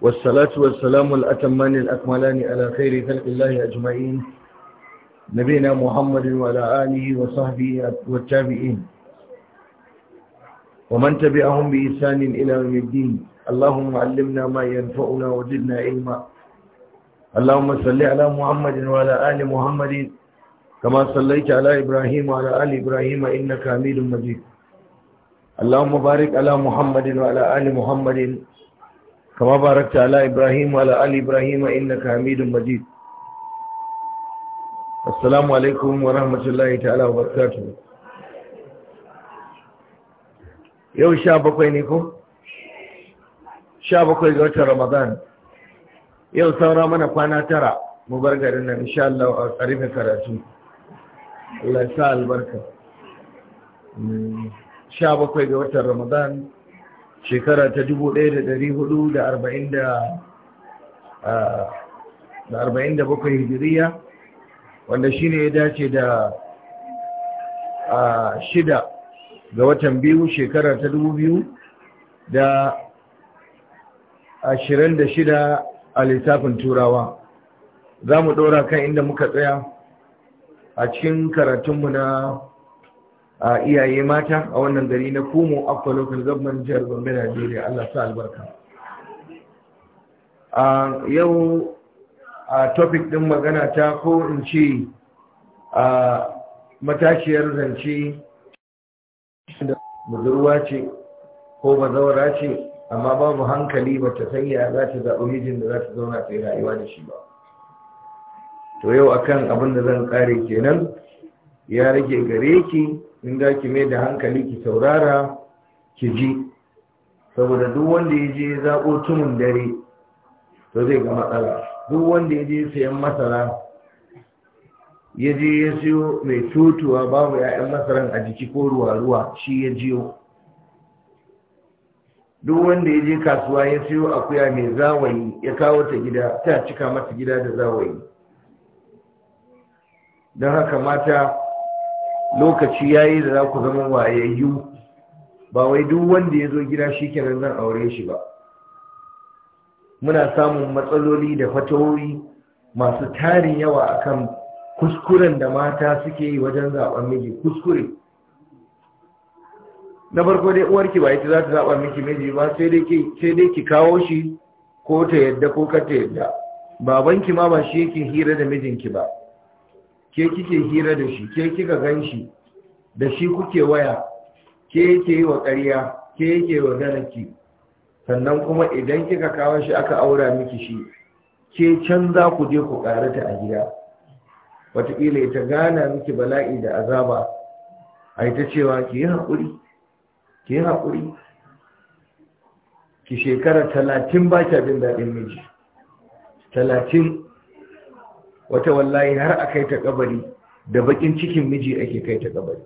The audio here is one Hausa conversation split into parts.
والصلاة والسلام الأتمان الأكملان على خير خلق الله أجمعين نبينا محمد وعلى آله وصحبه والتابعين ومن تبعهم بإحسان إلى يوم الدين اللهم علمنا ما ينفعنا وزدنا علما اللهم صل على محمد وعلى آل محمد كما صليت على إبراهيم وعلى آل إبراهيم إنك حميد مجيد اللهم بارك على محمد وعلى آل محمد كما باركت على إبراهيم وعلى آل إبراهيم إنك حميد مجيد السلام عليكم ورحمة الله تعالى وبركاته yau sha bakwai ne ko? sha bakwai ga watan ramadan yau saura mana kwana tara mu bar garin nan insha Allah a karatu Allah ya sa albarka sha bakwai ga watan ramadan shekara ta dubu ɗaya da ɗari hudu da arba'in da bakwai hijiriya wanda shi ne ya dace da shida ga watan biyu shekara ta dubu biyu da ashirin da shida a lissafin turawa za mu ɗora kan inda muka tsaya a cikin karatunmu na a iyaye mata a wannan gari na kumo akwa local government jihar gombe najeriya allah sa albarka a yau a topic din magana ta ko in ce a matashiyar zance da budurwa ce ko bazawara ce amma babu hankali ba ta sanya za ta zaɓi mijin da za ta zauna ta yi rayuwa da shi ba to yau akan abin da zan kare kenan ya rage gare ki in za ki mai da hankali ki saurara ki ji saboda duk wanda ya je zaɓo tunin dare to zai ga matsala duk wanda ya je sayan masara ya je ya siyo mai tutuwa babu 'ya'yan masaran a jiki ko ruwa-ruwa shi ya jiyo duk wanda ya je kasuwa ya siyo akuya mai zawayi ya kawo ta gida ta cika masa gida da zawayi don haka mata lokaci ya yi da za ku zama wayayyu ba wai duk wanda ya zo gida shi kenan zan aure shi ba muna samun matsaloli da fatawoyi masu tarin yawa akan kuskuren da mata suke yi wajen zaɓen miji kuskure na farko dai uwarki ba ita za ta zaɓa miki miji ba sai dai ki kawo shi ko ta yadda ko ka ta yadda babanki ma ba shi yake hira da mijinki ba ke kike hira da shi ke kika gan shi da shi kuke waya ke yake yi wa ƙarya ke yake wa ganaki sannan kuma idan kika kawo shi aka aura miki shi ke can za ku je ku ƙarata a gida wataƙila ita gana miki bala'i da azaba a ita cewa ki yi haƙuri ke yi haƙuri ki shekara talatin ba ki abin daɗin miji talatin wata wallahi har a kai ta kabari da bakin cikin miji ake kai ta kabari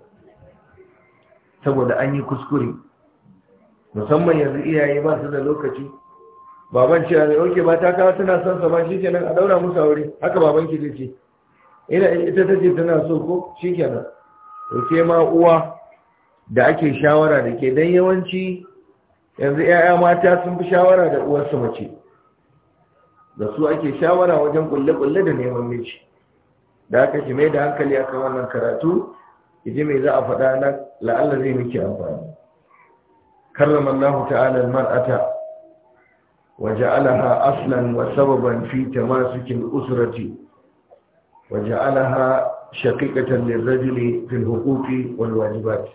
saboda an yi kuskure musamman yanzu iyaye ba su da lokaci baban ce ne oke ba ta kawo tana son sa ba nan a daura musu aure haka baban ki zai ce ina ita ta tace tana so ko shikenan to ke ma uwa da ake shawara da ke dan yawanci yanzu 'ya'ya mata sun fi shawara da uwarsu mace da su ake shawara wajen kulle-kulle da neman miji da aka shi mai da hankali a kan wannan karatu Iji mai za a faɗa na la'alla zai miki amfani karrama ta'ala al-mar'ata wa ja'alaha aslan wa sababan fi tamasukin usrati wa ja'alaha shaqiqatan lirajuli fil huquqi wal wajibat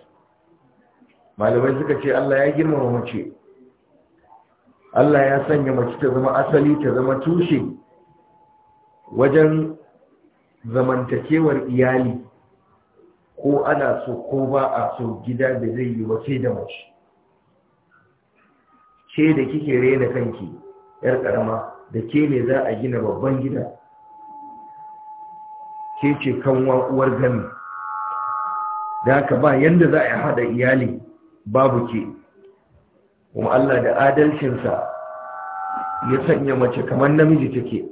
malamai suka ce Allah ya girmama mace Allah ya sanya mace ta zama asali ta zama tushe wajen zamantakewar iyali ko ana so ko ba a so gida da zai yi wace da mace ce da kike rena kanki yar karama da ke ne za a gina babban gida ke ce kanwa uwar gami da aka ba yadda za a haɗa iyali babu ke kuma Allah da adalcinsa ya sanya mace kamar namiji take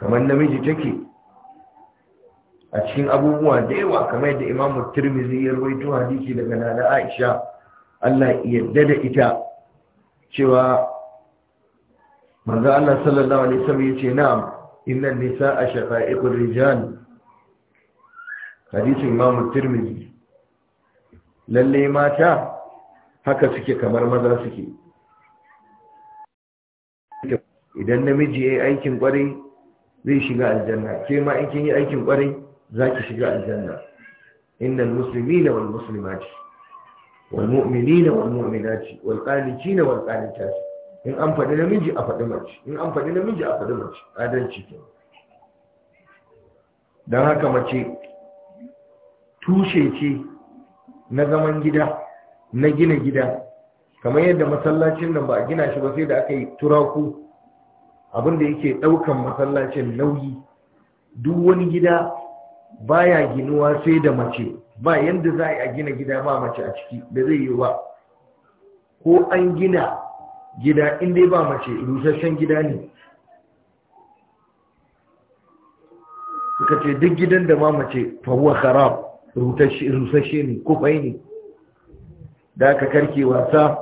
kamar namiji take a cikin abubuwa da yawa kamar da Imam Tirmidhi ya rawaito hadisi daga Nana Aisha Allah ya yarda da ita cewa manzo Allah sallallahu alaihi wasallam yace na'am innan nisaa shaqa'iqur rijal hadisin Imam Tirmidhi lalle mata haka suke kamar maza suke idan namiji ya yi aikin kwarai zai shiga aljanna ke ma in kin yi aikin kwarai za ki shiga aljanna innal muslimina wal muslimati wal mu'minina wal mu'minati wal qanitina wal qanitat in an faɗi namiji a faɗi mace in an faɗi namiji a faɗi mace adalci ke dan haka mace tushe ce na zaman gida na gina gida kamar yadda masallacin nan ba a gina shi ba sai da aka yi turaku abinda yake ɗaukan masallacin nauyi duk wani gida baya ginuwa sai da mace ba yadda za a gina gida ba mace a ciki da zai yi ba ko an gina gida inda ba mace rusasshen gida ne suka ce duk gidan da ma mace fahuwa kharab rusasshe ne kufai ne da ka karki wasa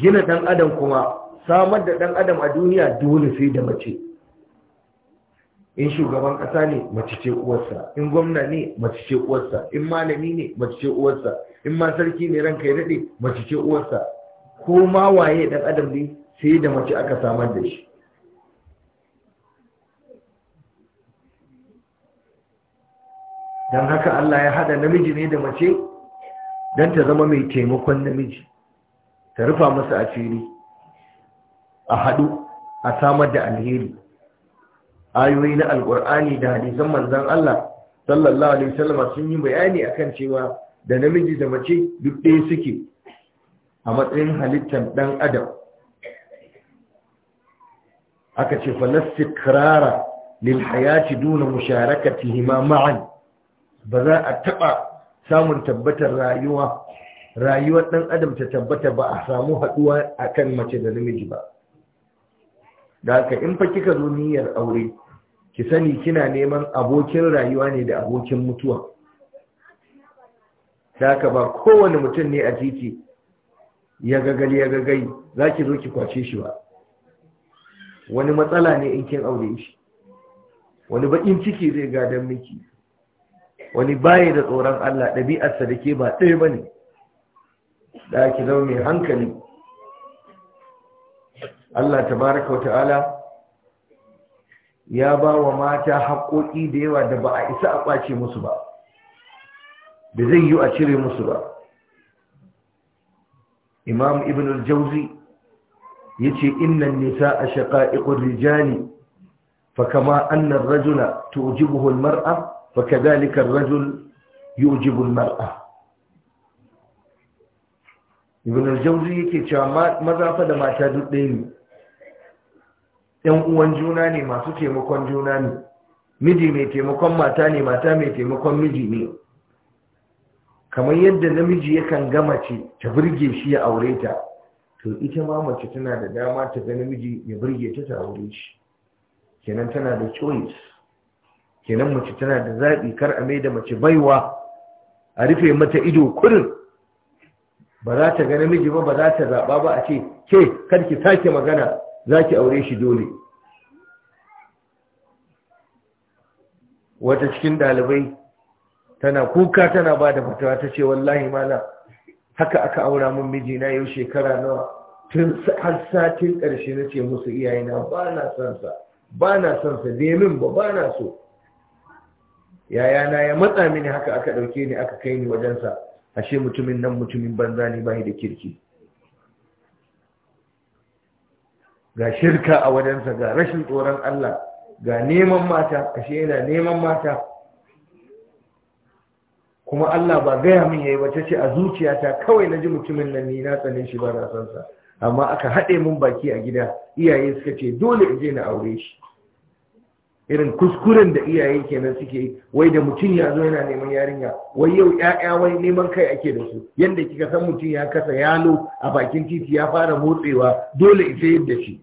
gina ɗan adam kuma samar da ɗan adam a duniya dole sai da mace in shugaban ƙasa ne mace ce uwarsa in gwamna ne mace ce uwarsa in malami ne mace ce uwarsa in ma sarki ne ranka ya daɗe mace ce uwarsa ko ma waye ɗan adam ne sai da mace aka samar da shi dan haka Allah ya haɗa namiji ne da mace don ta zama mai taimakon namiji ta rufa masa asiri a haɗu a samar da alheri ayoyi na alƙur'ani da hadisan manzan Allah sallallahu alaihi wasallam sun yi bayani akan cewa da namiji da mace duk ɗaya suke a matsayin halittar ɗan adam aka ce falastikrara lil hayati duna musharakatihima ma'an ba za a taɓa samun tabbatar rayuwa rayuwar ɗan adam ta tabbata ba a samu haɗuwa a kan mace da namiji ba da haka in fa kika zo niyyar aure ki sani kina neman abokin rayuwa ne da abokin mutuwa da haka ba kowane mutum ne a titi ya gagal ya gagai za ki zo ki kwace shi ba wani matsala ne in kin aure shi wani baƙin ciki zai gadon miki wani bayi da tsoron Allah ɗabi'arsa da ke ba ɗaya ba ne da ake zama mai hankali Allah Ta baraka wa ta'ala ya ba wa mata haƙoƙi da yawa da ba a isa a ɓace musu ba da zai yi a cire musu ba imam ibn al-jauzi ya ce innan nisa a shaƙa'iƙun rijali fa kama annan rajula to jibuhul mar'a فكذلك الرجل يعجب المرأة ibn al-jawzi yake cewa maza fa da mata duk ɗaya ne ɗan uwan juna ne masu taimakon juna ne miji mai taimakon mata ne mata mai taimakon miji ne kamar yadda namiji yakan ga mace ta burge shi ya aure ta to ita ma mace tana da dama ta ga namiji ya burge ta ta aure shi kenan tana da choice kenan mace tana da zaɓi kar a mai da mace baiwa a rufe mata ido kurin ba za ta ga namiji ba ba za ta zaɓa ba a ce ke kar ki sake magana za ki aure shi dole wata cikin ɗalibai tana kuka tana ba da fatawa ta ce wallahi mala haka aka aura min mijina yau shekara nawa tun har satin ƙarshe na ce musu iyayena ba na son ba na son sa ba na so yayana ya matsa mini haka aka ɗauke ni aka kai ni wajensa ashe mutumin nan mutumin banza ne bai da kirki ga shirka a wajensa ga rashin tsoron Allah ga neman mata ashe yana neman mata kuma Allah ba gaya min yayi ba tace a zuciyata kawai naji mutumin nan ni na tsane shi ba na san sa amma aka haɗe mun baki a gida iyaye suka ce dole in je na aure shi irin kuskuren da iyaye kenan suke wai da mutum ya zo yana neman yarinya wai yau 'ya'ya wai neman kai ake da su yadda kika san mutum ya kasa yalo a bakin titi ya fara motsewa dole isa yadda shi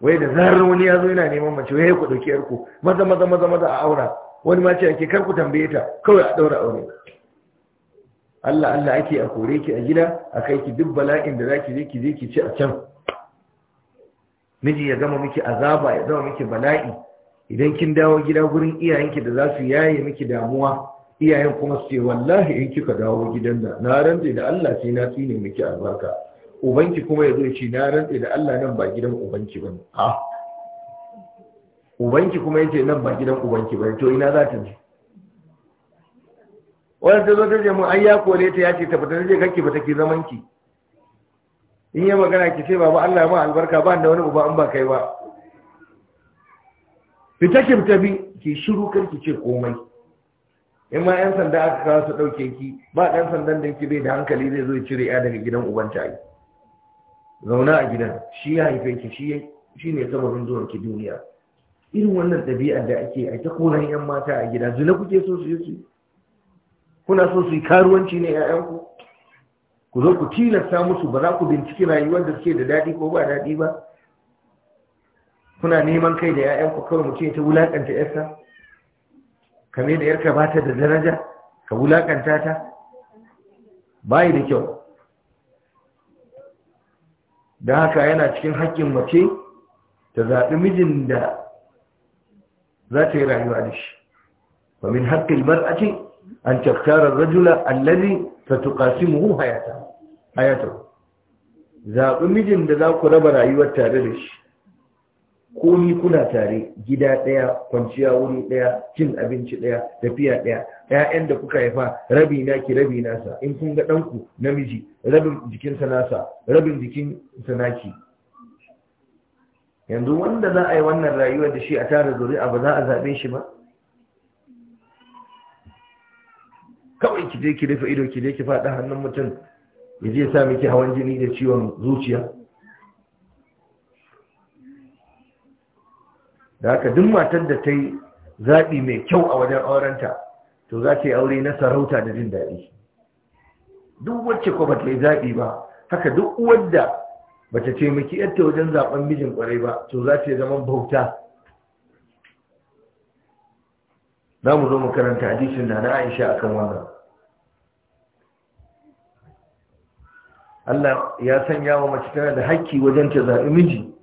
wai da zarar wani ya zo yana neman mace wai ku ɗauki yarku maza maza maza maza a aura wani ma ce ake kar ku tambaye ta kawai a ɗaura aure Allah Allah ake a kore ki a gida a kai ki duk bala'in da zaki je ki je ki ci a can miji ya zama miki azaba ya zama miki bala'i idan kin dawo gida gurin iyayenki da za su yaye miki damuwa iyayen kuma su ce wallahi in kika dawo gidan da. na rantse da Allah sai na tsine miki albarka ubanki kuma ya zo ce na rantse da Allah nan ba gidan ubanki bane a ah. ubanki kuma yace nan ba gidan ubanki bane to ina za ta je Wani ta zo ta ce mun ai ya kore ta ya ce ta da je kanki ba take zaman ki in yi magana ki ce baba Allah ma albarka ba da wani uba an ba kai ba fita ki bi ki shiru kar ki ce komai in ma yan sanda aka kawo su dauke ki ba dan sandan da ki bai da hankali zai zo ya cire ya daga gidan uban ta yi zauna a gidan shi ya haife ki shi shi ne sababin zuwan ki duniya irin wannan ɗabi'ar da ake a ta koran yan mata a gida zina kuke so su yi su kuna so su yi karuwanci ne 'ya'yanku ku zo ku tilasta musu ba za ku binciki rayuwar da suke da daɗi ko ba daɗi ba kuna neman kai da 'ya'yanku kawai mutum ta wulaƙanta 'yarsa kame da 'yarka ba ta da daraja ka wulaƙanta ta bayi da kyau don haka yana cikin haƙƙin mace ta zaɓi mijin da za ta yi rayuwa da shi wa min haƙƙin ce? an taftarar rajula allazi fatuqasimuhu hayata hayata zaɓi mijin da za ku raba rayuwar tare da shi ko ni kuna tare gida ɗaya kwanciya wuri ɗaya cin abinci ɗaya tafiya ɗaya ƴaƴan da kuka haifa rabi na ki rabi nasa in kun ga ɗanku namiji rabin jikinsa nasa rabin jikinsa naki yanzu wanda za a yi wannan rayuwar da shi a tara zuri'a ba za a zaɓe shi ba kawai ki je ki rufe ido ki je ki faɗa hannun mutum ya je sa miki hawan jini da ciwon zuciya da haka duk matar da ta yi zaɓi mai kyau a wajen aurenta to za ta yi aure na sarauta da jin daɗi duk wacce ko ba ta yi zaɓi ba haka duk wadda ba ta taimaki yadda wajen zaɓen mijin ƙwarai ba to za ta yi zaman bauta za mu zo mu karanta hadisin da na Aisha akan wannan Allah ya sanya wa mace tana da hakki wajen ta zaɓi miji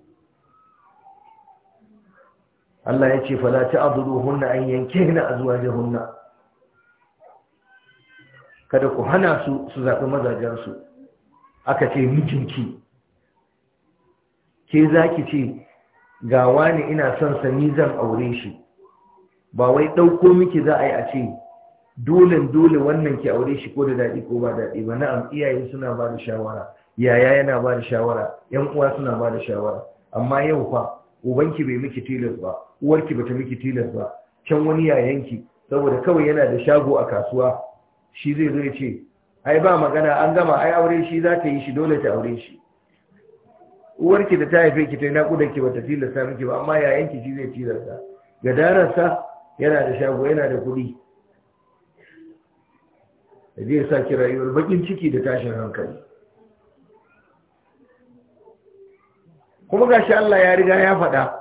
Allah ya ce fala hunna an yankihna azwajahunna kada ku hana su su zaɓi mazajensu aka ce mijinki ke zaki ce ga wani ina son sani zan aure shi ba wai ɗauko miki za a yi a ce dole dole wannan ki aure shi ko da daɗi ko ba daɗi ba na'am iyaye suna ba da shawara yaya yana ba da shawara yan uwa suna ba da shawara amma yau fa ubanki bai miki tilas ba uwarki bata miki tilas ba can wani yayanki saboda kawai yana da shago a kasuwa shi zai zo ya ce ai ba magana an gama ai aure shi za ta yi shi dole ta aure shi uwarki da ta haife ki ta yi naƙudanki bata tilasta miki ba amma yayanki shi zai tilasta ga darasa yana da shago yana da kuɗi da zai sa ki rayuwar bakin ciki da tashin hankali kuma ga shi Allah ya riga ya faɗa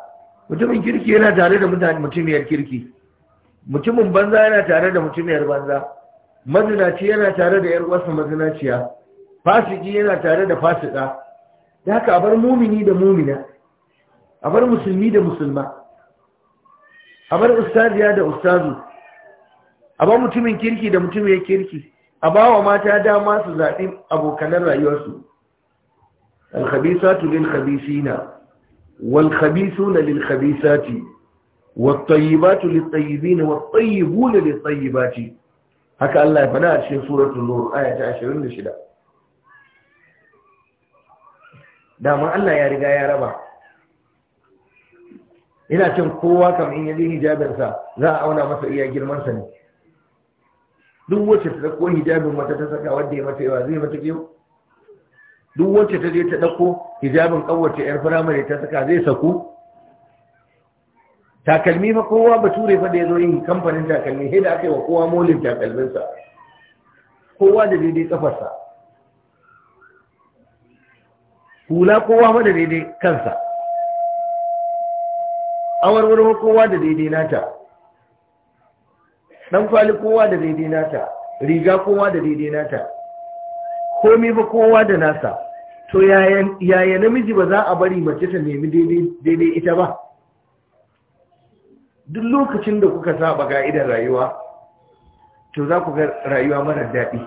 mutumin kirki yana tare da mutumiyar kirki mutumin banza yana tare da mutumiyar banza mazinaci yana tare da yar wasu mazinaciya fasiki yana tare da fasika da haka a bar mumini da mumina a musulmi da musulma a bar ustaziya da ustazu a ba mutumin kirki da mutumin kirki a ba wa mata dama su zaɓi abokanar rayuwarsu alkhabisatu lil khabisina wal khabisuna lil khabisati wat tayyibatu lit tayyibina wat tayyibuna lit tayyibati haka Allah ya faɗa a cikin suratul nur aya ta 26 dama Allah ya riga ya raba ina cin kowa kam in yi hijabinsa za a auna masa iya girmansa ne duk wacce ta dauko hijabin wata ta saka wanda ya mata yawa zai mata kiyo duk wacce ta je ta dauko hijabin kawace yar firamare ta saka zai saku takalmi fa kowa bature fa da ya zo yin kamfanin takalmi sai da aka yi wa kowa molin takalminsa kowa da daidai kafarsa hula kowa ma da daidai kansa awarwaro kowa da daidai nata dan kwali kowa da daidai nata riga kowa da daidai nata komai ba kowa da nasa to yayin namiji ba za a bari mace ta nemi daidai ita ba duk lokacin da kuka saba gaidan rayuwa to za ku ga rayuwa marar daɗi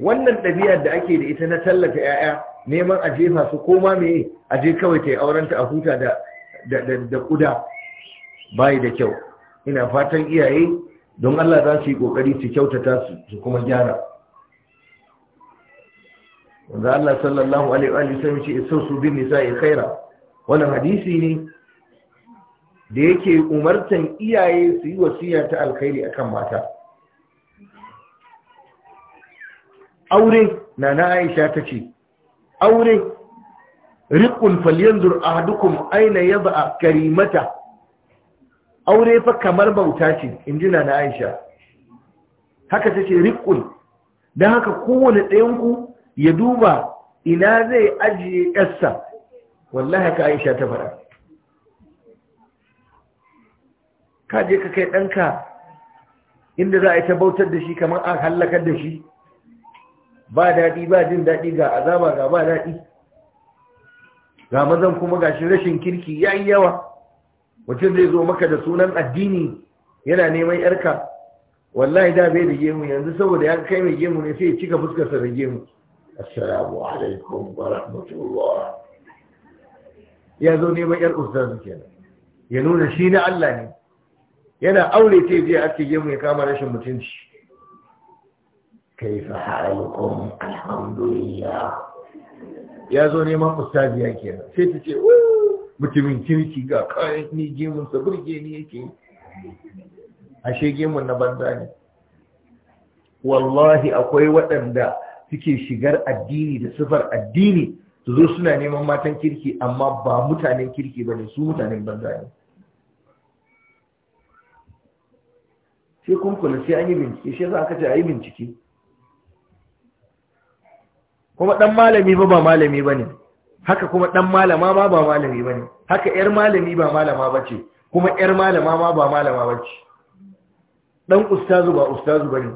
wannan ɗabi'ar da ake da ita na tallata 'ya'ya neman a jefa su koma meye a je kawai ta yi aurenta a huta da da kuda bayi da kyau ina fatan iyaye don Allah za su yi kokari su kyautata su su kuma gyara wanda Allah sallallahu alaihi wa sallam ce isu su bin nisa'i khaira wannan hadisi ne da yake umartan iyaye su yi wasiya ta alkhairi akan mata aure na na Aisha tace aure riƙun falyanzur ahadukum aina yaba a karimata aure fa kamar bauta ce in ji na aisha haka ta ce riƙun don haka kowane ɗayanku ya duba ina zai ajiye yarsa wallahi haka aisha ta faɗa ka je ka kai ɗanka inda za a yi ta bautar da shi kamar an hallakar da shi ba daɗi ba jin daɗi ga azaba ga ba daɗi ga mazan kuma shi rashin kirki ya yi yawa mutum zai zo maka da sunan addini yana neman yarka wallahi da bai da gemu yanzu saboda ya kai mai gemu ne sai ya cika fuskarsa da gemu assalamu alaikum wa rahmatullah ya zo neman yar ustaz kenan ya nuna shi na Allah ne yana aure ta je ake gemu ya kama rashin mutunci kaifa halukum alhamdulillah ya zo neman ustaziya kenan sai ta ce mutumin kirki ga kayan ni gemun sa burge ni yake ashe gemun na banza ne wallahi akwai waɗanda suke shigar addini da sifar addini su zo suna neman matan kirki amma ba mutanen kirki ba ne su mutanen banza ne sai kun sai an yi bincike shi za kace a yi bincike kuma ɗan malami ba ba malami ba ne haka kuma ɗan malama ma ba malami ba ne haka ‘yar malami ba malama ba ce kuma ‘yar malama ma ba malama ba ce ɗan ustazu ba ustazu ba ne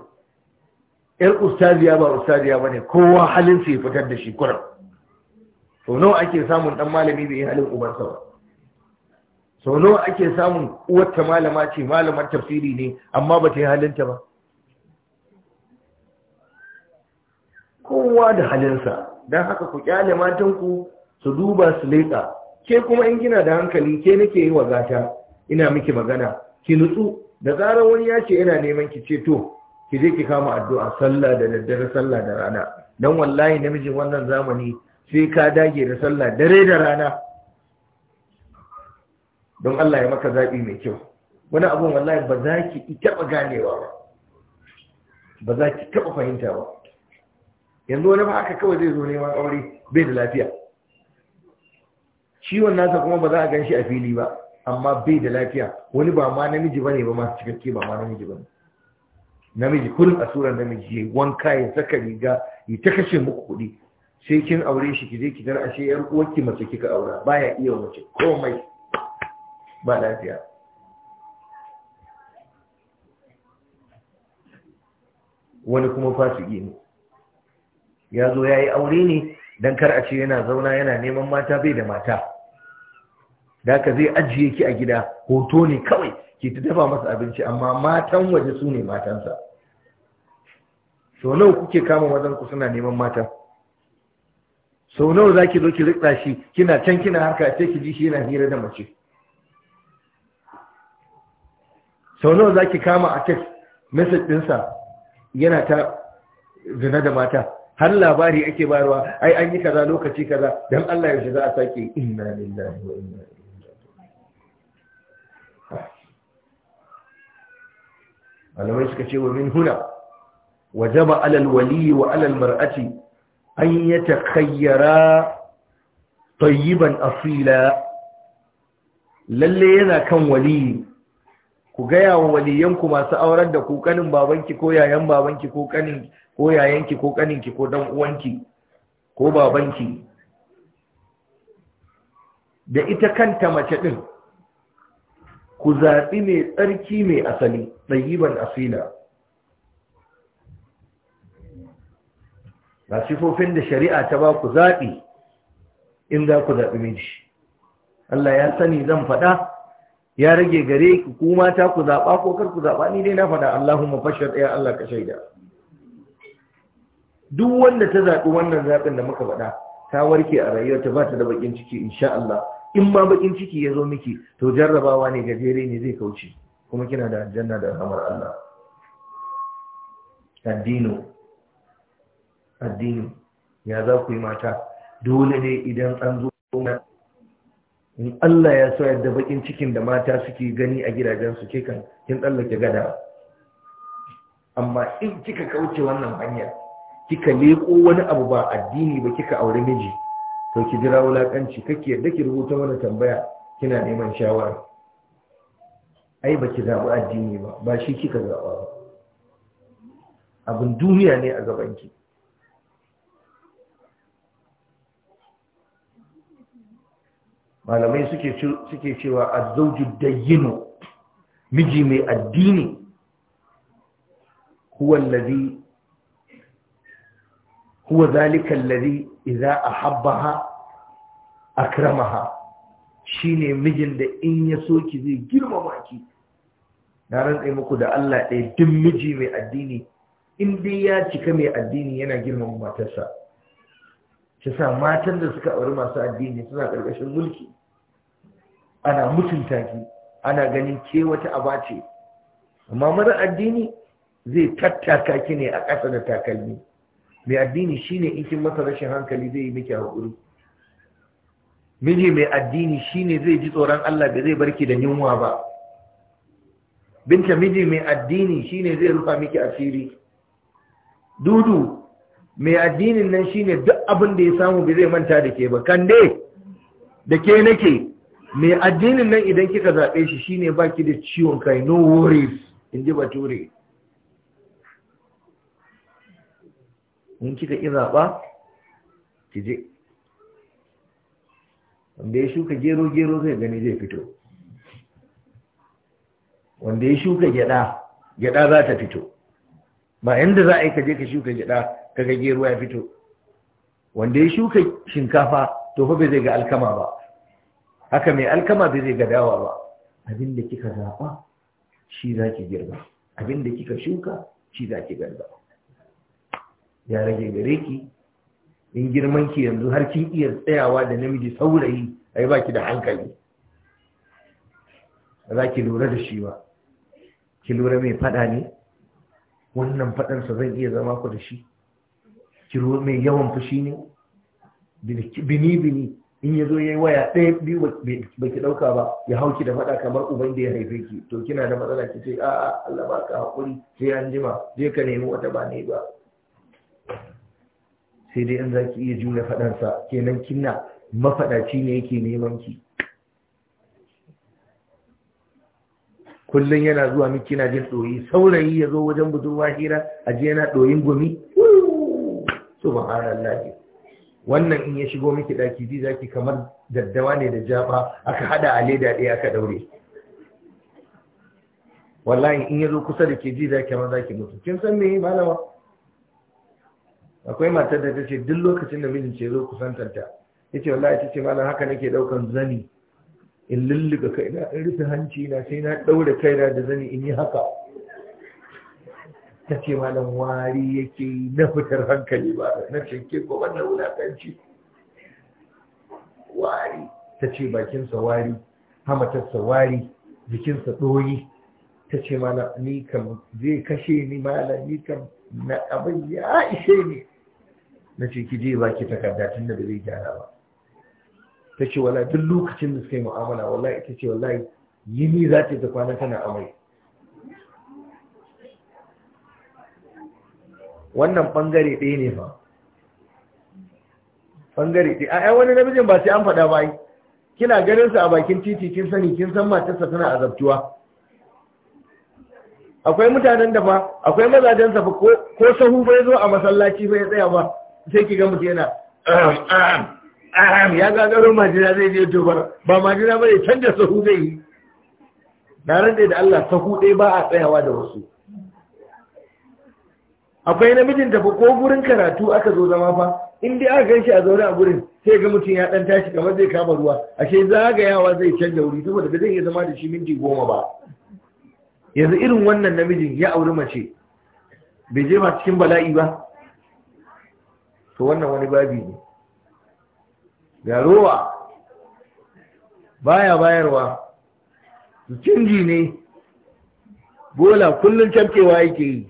‘yar ustaziya ba ustaziya ba ne kowa halin ya fitar da shi sau nawa ake samun ɗan malami bai yi halin ubarsa ba sau nawa ake samun uwarta malama ce malamar tafsiri ne amma ba ta yi halinta ba kowa da halinsa don haka ku kyale matanku su duba su leƙa ke kuma in gina da hankali ke nake yi wa gata ina miki magana ki nutsu da zarar wani ya ce yana neman ki ce to ki je ki kama addu'a sallah da daddare sallah da rana Don wallahi namijin wannan zamani sai ka dage da sallah dare da rana don Allah ya maka zaɓi mai kyau wani abun wallahi ba za ki taɓa ganewa ba ba za ki taɓa fahimta ba yanzu wani ba haka kawai zai zo neman aure bai da lafiya ciwon nasa kuma ba za a gan shi a fili ba amma bai da lafiya wani ba ma namiji ba ne ba masu cikakke ba ma namiji ba namiji kurin a tsoron namiji ya wanka ya saka riga ya ta kashe muku kuɗi sai kin aure shi ki je ki tara ashe yar uwarki mace kika aura baya iya mace komai ba lafiya wani kuma fasiki ne ya zo ya yi aure ne don kar a ce yana zauna yana neman mata bai da mata da ka zai ajiye ki a gida hoto ne kawai ke ta dafa masa abinci amma matan waje su ne matansa sau nawa kuke kama wajen ku suna neman mata sau nawa za ki zo ki rikta shi kina can kina haka sai ki ji shi yana hira da mace sau nawa za ki kama a text message ɗinsa yana ta zina da mata har labari ake bayarwa ai an yi kaza lokaci kaza dan Allah yaushe za a sake inna lillahi wa inna malamai suka ce wa min huna wajaba alal wali wa alal mar'ati an yatakhayyara tayyiban asila lalle yana kan wali ku gaya wa waliyanku masu aurar da ku babanki ko yayan babanki ko kanin ko yayanki ko kaninki ko dan uwanki ko babanki da ita kanta mace din ku zaɓi mai tsarki mai asali tsayiban asila ga sifofin da shari'a ta ba ku zaɓi in za ku zaɓi shi. Allah ya sani zan faɗa ya rage gare ku kuma ta ku zaɓa ko kar ku zaɓa ni dai na faɗa Allahumma fashar ɗaya Allah ka shaida duk wanda ta zaɓi wannan zaɓin da muka faɗa ta warke a rayuwarta ba ta da bakin ciki insha Allah in ma bakin ciki ya zo miki to jarrabawa ne gajere ne zai kauce kuma kina da aljanna da rahmar Allah addino ya za ku yi mata dole ne idan an zo in Allah ya so yadda bakin cikin da mata suke gani a gidajensu ke kan kin tsallake gada amma in kika kauce wannan hanyar kika leko wani abu ba addini ba kika aure miji to ki jira wulakanci kake yadda ki rubuta mana tambaya kina neman shawara ai ba ki zaɓi addini ba ba shi kika zaɓa ba abin duniya ne a gabanki malamai suke cewa a dayyinu miji mai addini allazi huwa zalika allazi idza ahabbaha akramaha shine mijin da in ya so ki zai girmama ki na rantsa muku da Allah ɗaya duk miji mai addini in dai ya cika mai addini yana girmama matarsa shi sa matan da suka auri masu addini suna ƙarƙashin mulki ana mutunta ki ana ganin ke wata aba ce amma mara addini zai tattaka ki ne a ƙasa da takalmi mai addini shine in kin masa rashin hankali zai yi miki haƙuri miji mai addini shine zai ji tsoron Allah da zai barki da yunwa ba binta miji mai addini shine zai rufa miki asiri dudu mai addinin nan shine duk abin da ya samu bai zai manta da ke ba kande da ke nake mai addinin nan idan kika zaɓe shi shine baki da ciwon kai no worries in ji bature in kika ƙi zaɓa ki je wanda ya shuka gero gero zai gani zai fito wanda ya shuka gyaɗa gyaɗa za ta fito ba yadda za a yi ka je ka shuka gyaɗa kaga gero ya fito wanda ya shuka shinkafa to fa bai zai ga alkama ba haka mai alkama bai zai ga dawa ba abinda kika zaɓa shi za ki girba abinda kika shuka shi za ki girba ya rage gare ki in girman ki yanzu har kin iya tsayawa da namiji saurayi ai ba ki da hankali za ki lura da shi ba ki lura mai faɗa ne wannan faɗansa zan iya zama ku da shi ki lura mai yawan fushi ne bini bini in yazo zo ya waya ɗaya biyu ba ki ɗauka ba ya hau ki da faɗa kamar uban da ya haife ki to kina da matsala ki ce a'a Allah ba ka haƙuri sai an jima je ka nemi wata ba ne ba sai dai in za ki iya juna faɗansa kenan kinna mafaɗaci ne yake neman ki kullum yana zuwa miki na jin ɗoyi saurayi ya zo wajen budurwa hira a ji yana ɗoyin gumi subhanallah wannan in ya shigo miki ɗaki ji zaki kamar daddawa ne da jaba aka hada a leda ɗaya aka ɗaure wallahi in yazo kusa da ke ji zaki kamar zaki mutu kin san me malama akwai matar da ta ce duk lokacin da mijin ce zo kusantarta ya ce wallahi ta ce malam haka nake daukan zani in lulluga na in rufe hanci na sai na ɗaura kaina da zani in yi haka ta ce malam wari yake na fitar hankali ba na shanke ko wannan wulakanci wari ta ce bakinsa wari hamatarsa wari sa ɗoyi ta ce malam ni kam zai kashe ni malam ni kam na abin ya ishe ni na ce ki je ba ki takarda tun da zai gyara ba ta ce wala duk lokacin da suka yi mu'amala wallahi ita ce wallahi yini za ta ta kwana tana amai wannan bangare ɗaya ne ba. bangare ɗaya ai wani namijin ba sai an faɗa ba kina ganin sa a bakin titi kin sani kin san matarsa tana azabtuwa akwai mutanen da fa akwai mazajen sa ko ko sahu bai zo a masallaci bai tsaya ba sai ki ga mutum yana ya gagarin majina zai je tobar ba majina ba canja sahu zai yi na ran da Allah sahu dai ba a tsayawa da wasu akwai namijin tafi ko gurin karatu aka zo zama fa in dai aka shi a zaune a gurin sai ga mutum ya dan tashi kamar zai kama ruwa ashe zagayawa zai canja wuri saboda ba zai iya zama da shi minti goma ba yanzu irin wannan namijin ya auri mace bai je ma cikin bala'i ba to wannan wani babi ne ga ruwa baya bayarwa canji ne bola kullum camkewa yake yi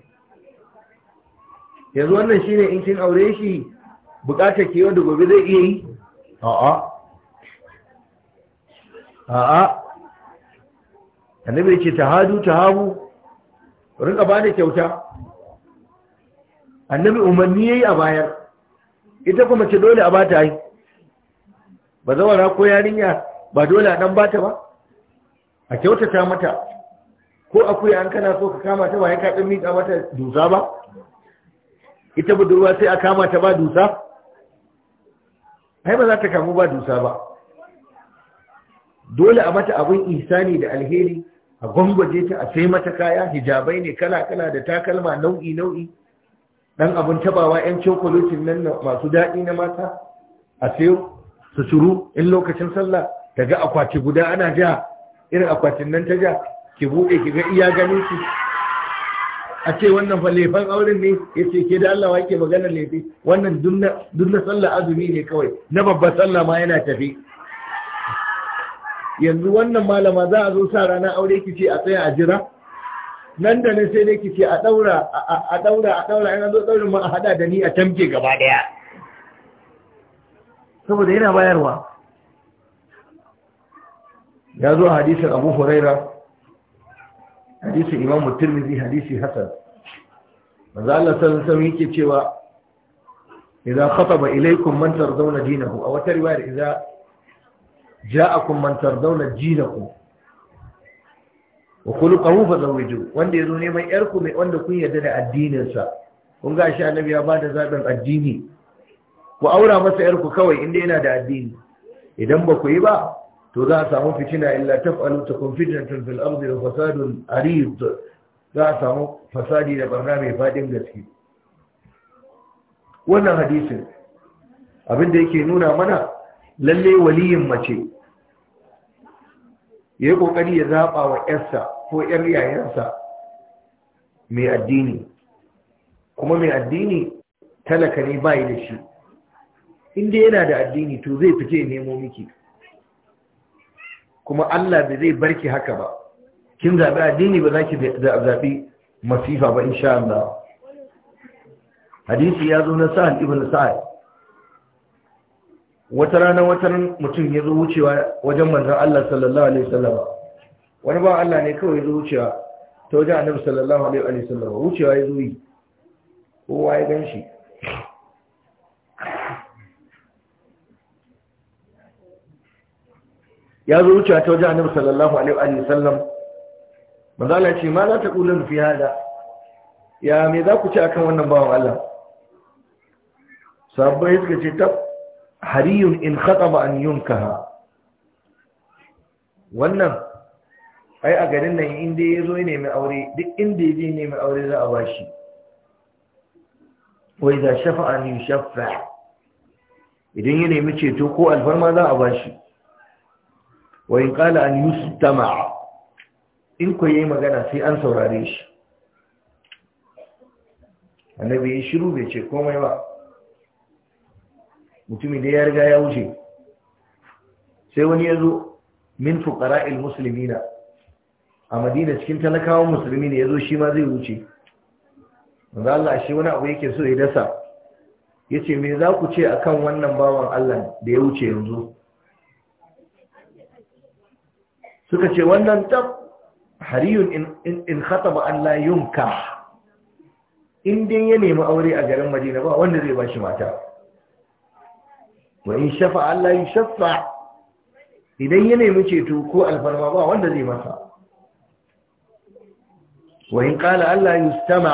yanzu wannan shine in kin aure shi bukatar ke wanda gobe zai iya yi a'a a'a annabi ce ta ta hagu. rinka bada kyauta annabi umarni ya yi a bayar ita kuma ce dole a ba ta yi ba zawara ko yarinya ba dole a dan ba ta ba a kyautata mata ko akuya an kana so ka kama ta ba ya kaɗin miƙa mata dusa ba ita budurwa sai a kama ta ba dusa ai ba za ta kamu ba dusa ba dole a mata abin ihsani da alheri a gwangwaje ta a sai mata kaya hijabai ne kala-kala da takalma nau'i-nau'i ɗan abin tabawa 'yan cokolotin nan masu daɗi na mata a sayo su suru in lokacin sallah daga akwati guda ana ja irin akwatin nan ta ja ki buɗe ki ga iya ganin ki a ce wannan fa auren ne ya ce ke da Allah wa ke magana laifi wannan dunna sallah azumi ne kawai na babbar sallah ma yana tafi yanzu wannan malama za a zo sa rana aure ki ce a tsaya a jira nan da nan sai dai ki ce a daura a daura a daura yana zo daurin ma a hada da ni a tamke gaba daya saboda yana bayarwa ya zo a hadisin Abu Huraira hadisin Imam Tirmidhi hadisi hasan manzo Allah sallallahu sami yake cewa idan kafa idza khataba A wata tardawna dinahu aw tariwa idza ja'akum mantar zaunar jinaku wa khuluquhu fa zawiju wanda yazo neman yar ku mai wanda kun yarda da addinin sa kun ga shi annabi ya da zabin addini ku aura masa 'yarku kawai inda yana da addini idan ba ku yi ba to za a samu fitina illa taf'alu takun fitnatun fil ardi wa fasadun arid za a samu fasadi da barna mai fadin gaske wannan hadisin abin da yake nuna mana lalle waliyin mace ya yi ƙoƙari ya zaɓa wa ‘yarsa ko ‘yar yayansa mai addini kuma mai addini talaka ne bayi da shi inda yana da addini to zai fice nemo miki kuma Allah bai zai barki haka ba kin zaɓi addini ba za ki zaɓi masifa ba insha Allah hadisi ya zo na sa'ad ibn sa'ad wata rana wata mutum ya zo wucewa wajen manzan Allah sallallahu alaihi wasallam wani ba Allah ne kawai ya zo wucewa ta wajen annabi sallallahu alaihi wasallam wucewa ya zo yi kowa ya gan shi ya zo wucewa ta wajen annabi sallallahu alaihi wasallam manzan Allah ce ma za ta kulun fi hada ya me za ku ci akan wannan bawan Allah sabbai suka ce tab hariyun in khataba an yunkaha wannan ai a garin nan inda ya zo ya nemi aure duk inda ya ne nemi aure za a bashi wai za shafa an yi shafa idan ya nemi ceto ko alfarma za a bashi wai kala an yi su tama in ku yi magana sai an saurare shi annabi ya shiru bai ce komai ba mutumin da ya riga ya wuce sai wani ya zo min fuqara'il muslimina a madina cikin talakawan musulmi ne ya zo shi ma zai wuce wanda Allah shi wani abu yake so ya dasa Ya ce me za ku ce akan wannan bawan Allah da ya wuce yanzu suka ce wannan tab hariyun in khataba an la yunka in ya nemi aure a garin Madina ba wanda zai ba shi mata wa in shafa Allah yi shafa idan ya nemi ceto ko alfarma ba wanda zai masa wa in kala Allah yi stama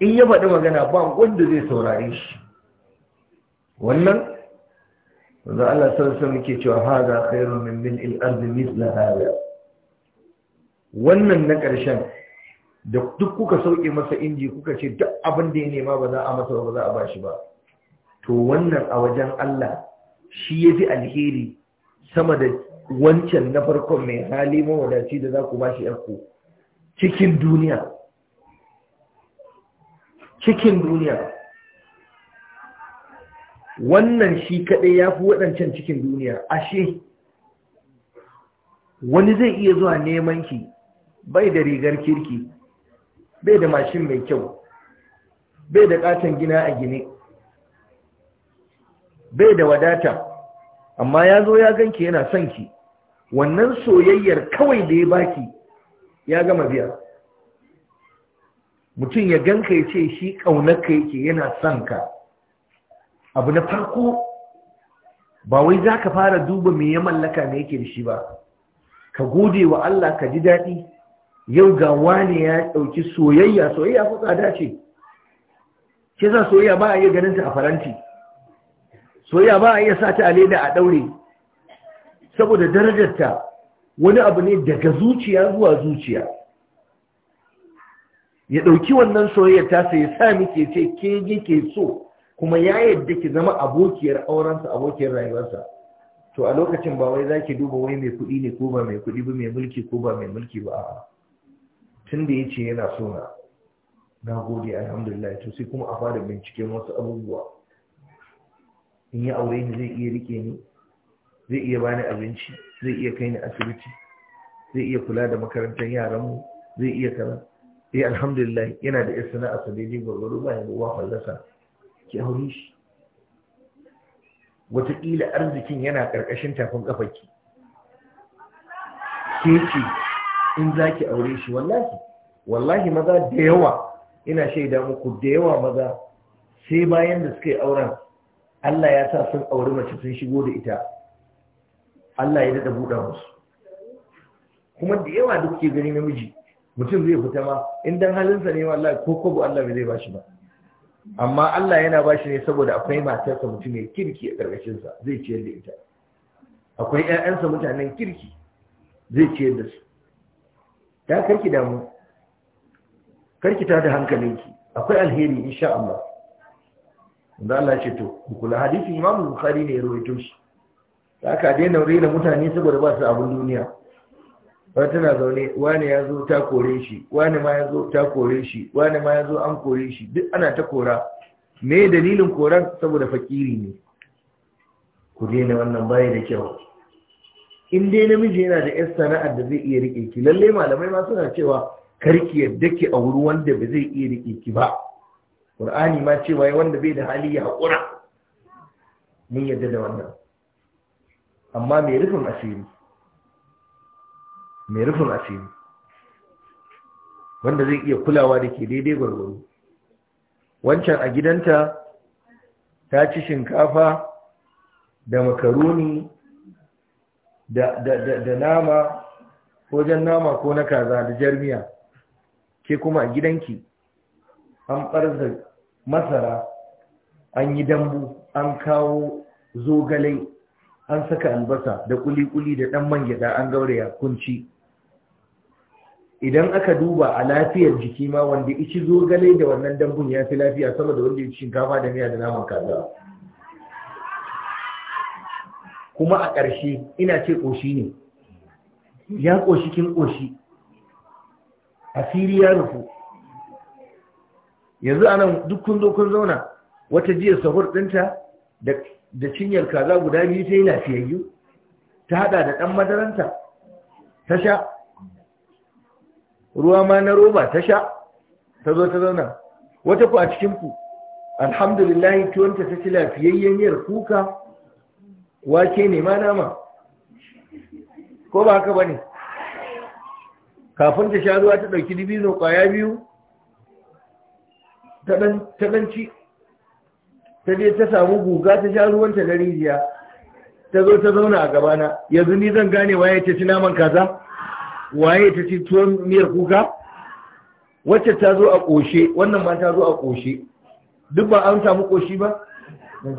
in ya faɗi magana ba wanda zai saurare shi wannan wanda Allah sarasa muke cewa haza khairun min bin il'arzi misla haza wannan na ƙarshen da duk kuka sauke masa inji kuka ce duk abin da ya nema ba za a masa ba za a ba shi ba to wannan a wajen Allah shi ya fi alheri sama da wancan na farkon mai hali mawadaci da za ku ba shi ‘yarku cikin duniya cikin duniya wannan shi kaɗai ya fi waɗancan cikin duniya ashe wani zai iya zuwa neman ki bai da rigar kirki bai da mashin mai kyau bai da katon gina a gine bai da wadata amma ya zo ya ganki yana son ki wannan soyayyar kawai da ya baki ya gama biya mutum ya ganka ya ce shi ƙaunarka yake yana son ka abu na farko ba wai za ka fara duba me ya mallaka ne yake da shi ba ka gode wa Allah ka ji daɗi yau ga wane ya ɗauki soyayya soyayya ko tsada ce ke za soyayya ba a iya ganinta a faranti soya ba a iya sata ta a leda a daure saboda darajarta wani abu ne daga zuciya zuwa zuciya ya ɗauki wannan soyayya ta sai ya sa muke ce ke so kuma ya yadda ki zama abokiyar aurensa abokiyar rayuwarsa to a lokacin ba wai zaki duba wai mai kuɗi ne ko ba mai kuɗi ba mai mulki ko ba mai mulki ba a'a tun da yace yana so na na gode alhamdulillah to sai kuma a fara binciken wasu abubuwa in ya aure ni zai iya rike ni zai iya bani abinci zai iya kai ni asibiti zai iya kula da makarantar yaran mu? zai iya kaza eh alhamdulillah yana da yar sana'a sa daidai gwargwaro ba yanzu wa fallasa ki aure shi wataƙila arzikin yana ƙarƙashin tafin kafarki ke ce in za ki aure shi wallahi wallahi maza da yawa ina shaida muku da yawa maza sai bayan da suka yi auren Allah ya sa sun auri mace sun shigo da ita Allah ya daɗa buɗa musu kuma da yawa duk ke gani namiji mutum zai fita ma in dan halinsa ne wallahi ko kobo Allah bai zai bashi ba amma Allah yana bashi ne saboda akwai matarsa mutum mai kirki a ƙarƙashin sa zai ciyar da ita akwai ƴaƴansa mutanen kirki zai ciyar da su ta karki damu karki ta da hankalinki akwai alheri insha Allah da Allah ce to kula hadisi Imam Bukhari ne ya rawaito shi ka daina rena mutane saboda ba su abun duniya wani tana zaune wani ya zo ta kore shi wani ma ya zo ta kore shi wani ma ya zo an kore shi duk ana ta kora me dalilin koran saboda fakiri ne ku daina wannan bayi da kyau in dai namiji yana da yan sana'ar da zai iya rike ki lallai malamai ma suna cewa kar ki yadda ki a wuri wanda ba zai iya rike ki ba qur'ani ma cewa wanda bai da hali ya haƙura mun yadda da wannan amma mai rufin asiri mai rufin asiri wanda zai iya kulawa da ke daidai gwargwaro wancan a gidanta ta ci shinkafa da makaroni da nama ko jan nama ko na kaza da jarmiya ke kuma a gidanki an ɓarza masara an yi dambu an kawo zogale, an saka albasa da kuli-kuli da ɗan man gyaɗa an gauraya kunci idan aka duba a lafiyar jiki ma wanda ici zogale da wannan dambun ya fi lafiya sama da wanda ya ci shinkafa da miya da naman kaza kuma a ƙarshe ina ce ƙoshi ne ya ƙoshi kin ƙoshi asiri ya rufu yanzu anan duk kun zo zauna wata jiya sahur ɗinta da cinyar kaza guda biyu ta yi lafiyayyu ta hada da ɗan madaranta ta sha ruwa ma na roba ta sha ta zo ta zauna wata ku a cikinku alhamdulillahi tuwanta ta ci lafiyayyen yar kuka wake ne ma nama ko ba haka ba ne kafin ta sha ruwa ta ɗauki dibino ƙwaya biyu ta ɗanci, ta je ta samu guga ta sha ruwan ta da rijiya ta zo ta zauna a gabana yanzu ni zan gane waye ta ci naman kaza waye ta ci tuwon miyar kuka wacce ta zo a ƙoshe wannan ma ta zo a ƙoshe duk ba an samu ƙoshi ba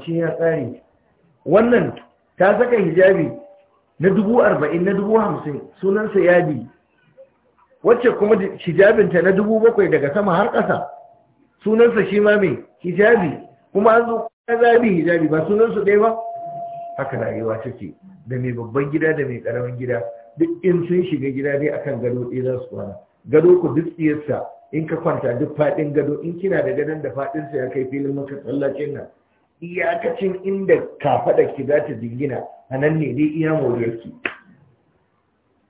ce ya tsare wannan ta saka hijabi na dubu arba'in na dubu hamsin sunansa yadi wacce kuma hijabinta na dubu bakwai daga sama har ƙasa sunansa shi ma mai hijabi kuma an zo zabi hijabi ba sunansu ɗaya ba haka rayuwa take da mai babban gida da mai ƙaramin gida duk in sun shiga gida dai akan gado ɗaya za su kwana gado ku duk tsiyarsa in ka kwanta duk faɗin gado in kina da gadon da faɗinsa ya kai filin maka tsallacin nan iyakacin inda kafaɗa ki za ta jingina a nan ne dai iya moriyarki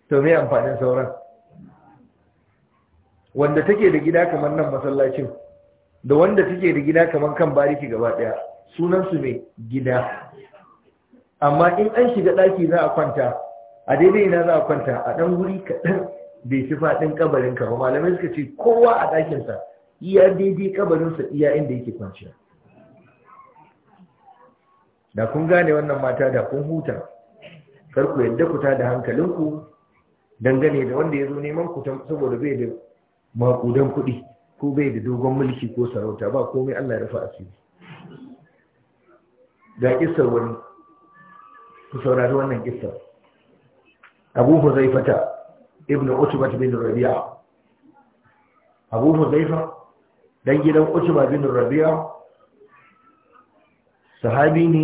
to me amfanin sauran wanda take da gida kamar nan masallacin da wanda take da gida kamar kan bariki gaba ɗaya, sunansu su ne gida amma in an shiga ɗaki za a kwanta a daidai na za a kwanta a ɗan wuri kaɗan bai fi faɗin kabarin ka malamai suka ce kowa a ɗakinsa iya daidai kabarinsa iya inda yake kwanciya da kun gane wannan mata da kun huta ku yadda ku ta da hankalinku dangane da wanda ya zo neman ku saboda bai da makudan kuɗi ko bai da dogon mulki ko sarauta ba komai Allah ya rufa asiri ga kissar wani ku saurari wannan kissar Abu ta ibn utba bin Rabi'a Abu Huzaifa dan gidan utba bin Rabi'a sahabi ne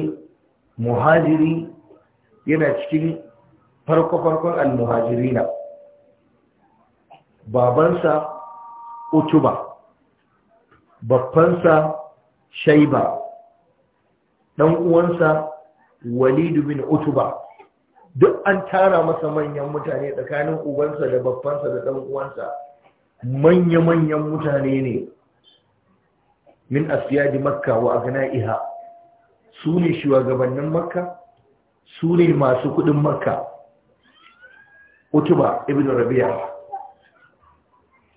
muhajiri yana cikin farko-farkon al-muhajirina babansa utuba babbansa shaiba ɗan uwansa walidu bin utuba duk an tara masa manyan mutane tsakanin ubansa da babbansa da ɗan uwansa manya-manyan mutane ne min asiyadi makka wa agna'iha su ne shugabannin makka su ne masu kudin makka utuba ibn rabi'a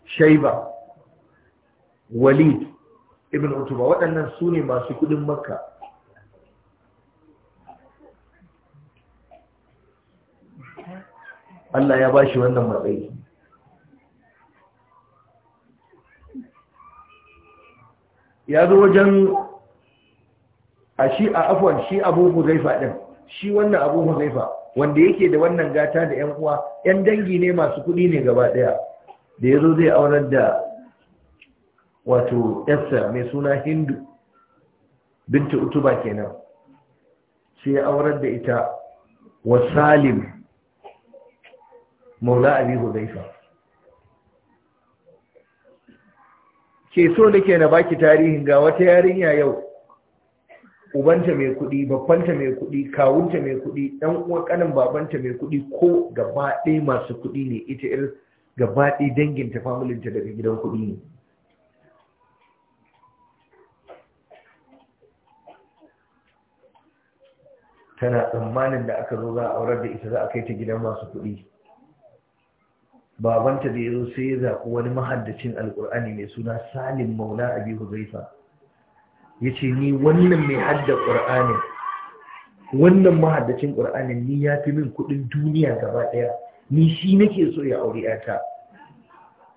shaiba walid ibn utuba waɗannan su ne masu kudin makka Allah ya bashi wannan matsayi ya zo wajen a shi a afon shi abu huzaifa ɗin shi wannan abu huzaifa wanda yake da wannan gata da 'yan uwa 'yan dangi ne masu kuɗi ne gaba ɗaya da ya zo zai aurar da wato yarsa mai suna hindu binta utuba kenan sai ya aurar da ita wa salim maula abi hudaifa ke so ke na baki tarihin ga wata yarinya yau ubanta mai kuɗi babbanta mai kuɗi kawunta mai kuɗi ɗan uwa kanin babanta mai kuɗi ko gaba ɗaya masu kuɗi ne ita irin gaba ɗaya danginta familinta daga gidan kuɗi ne tana tsammanin da aka zo za a aurar da ita za a kai ta gidan masu kuɗi babanta da ya zo sai ya zaɓi wani mahaddacin alƙur'ani mai suna salim Mauna, abi huzaifa ya ce ni wannan mai hadda ƙur'ani wannan mahaddacin ƙur'ani ni ya fi min kuɗin duniya gaba ɗaya ni shi nake so ya aure ta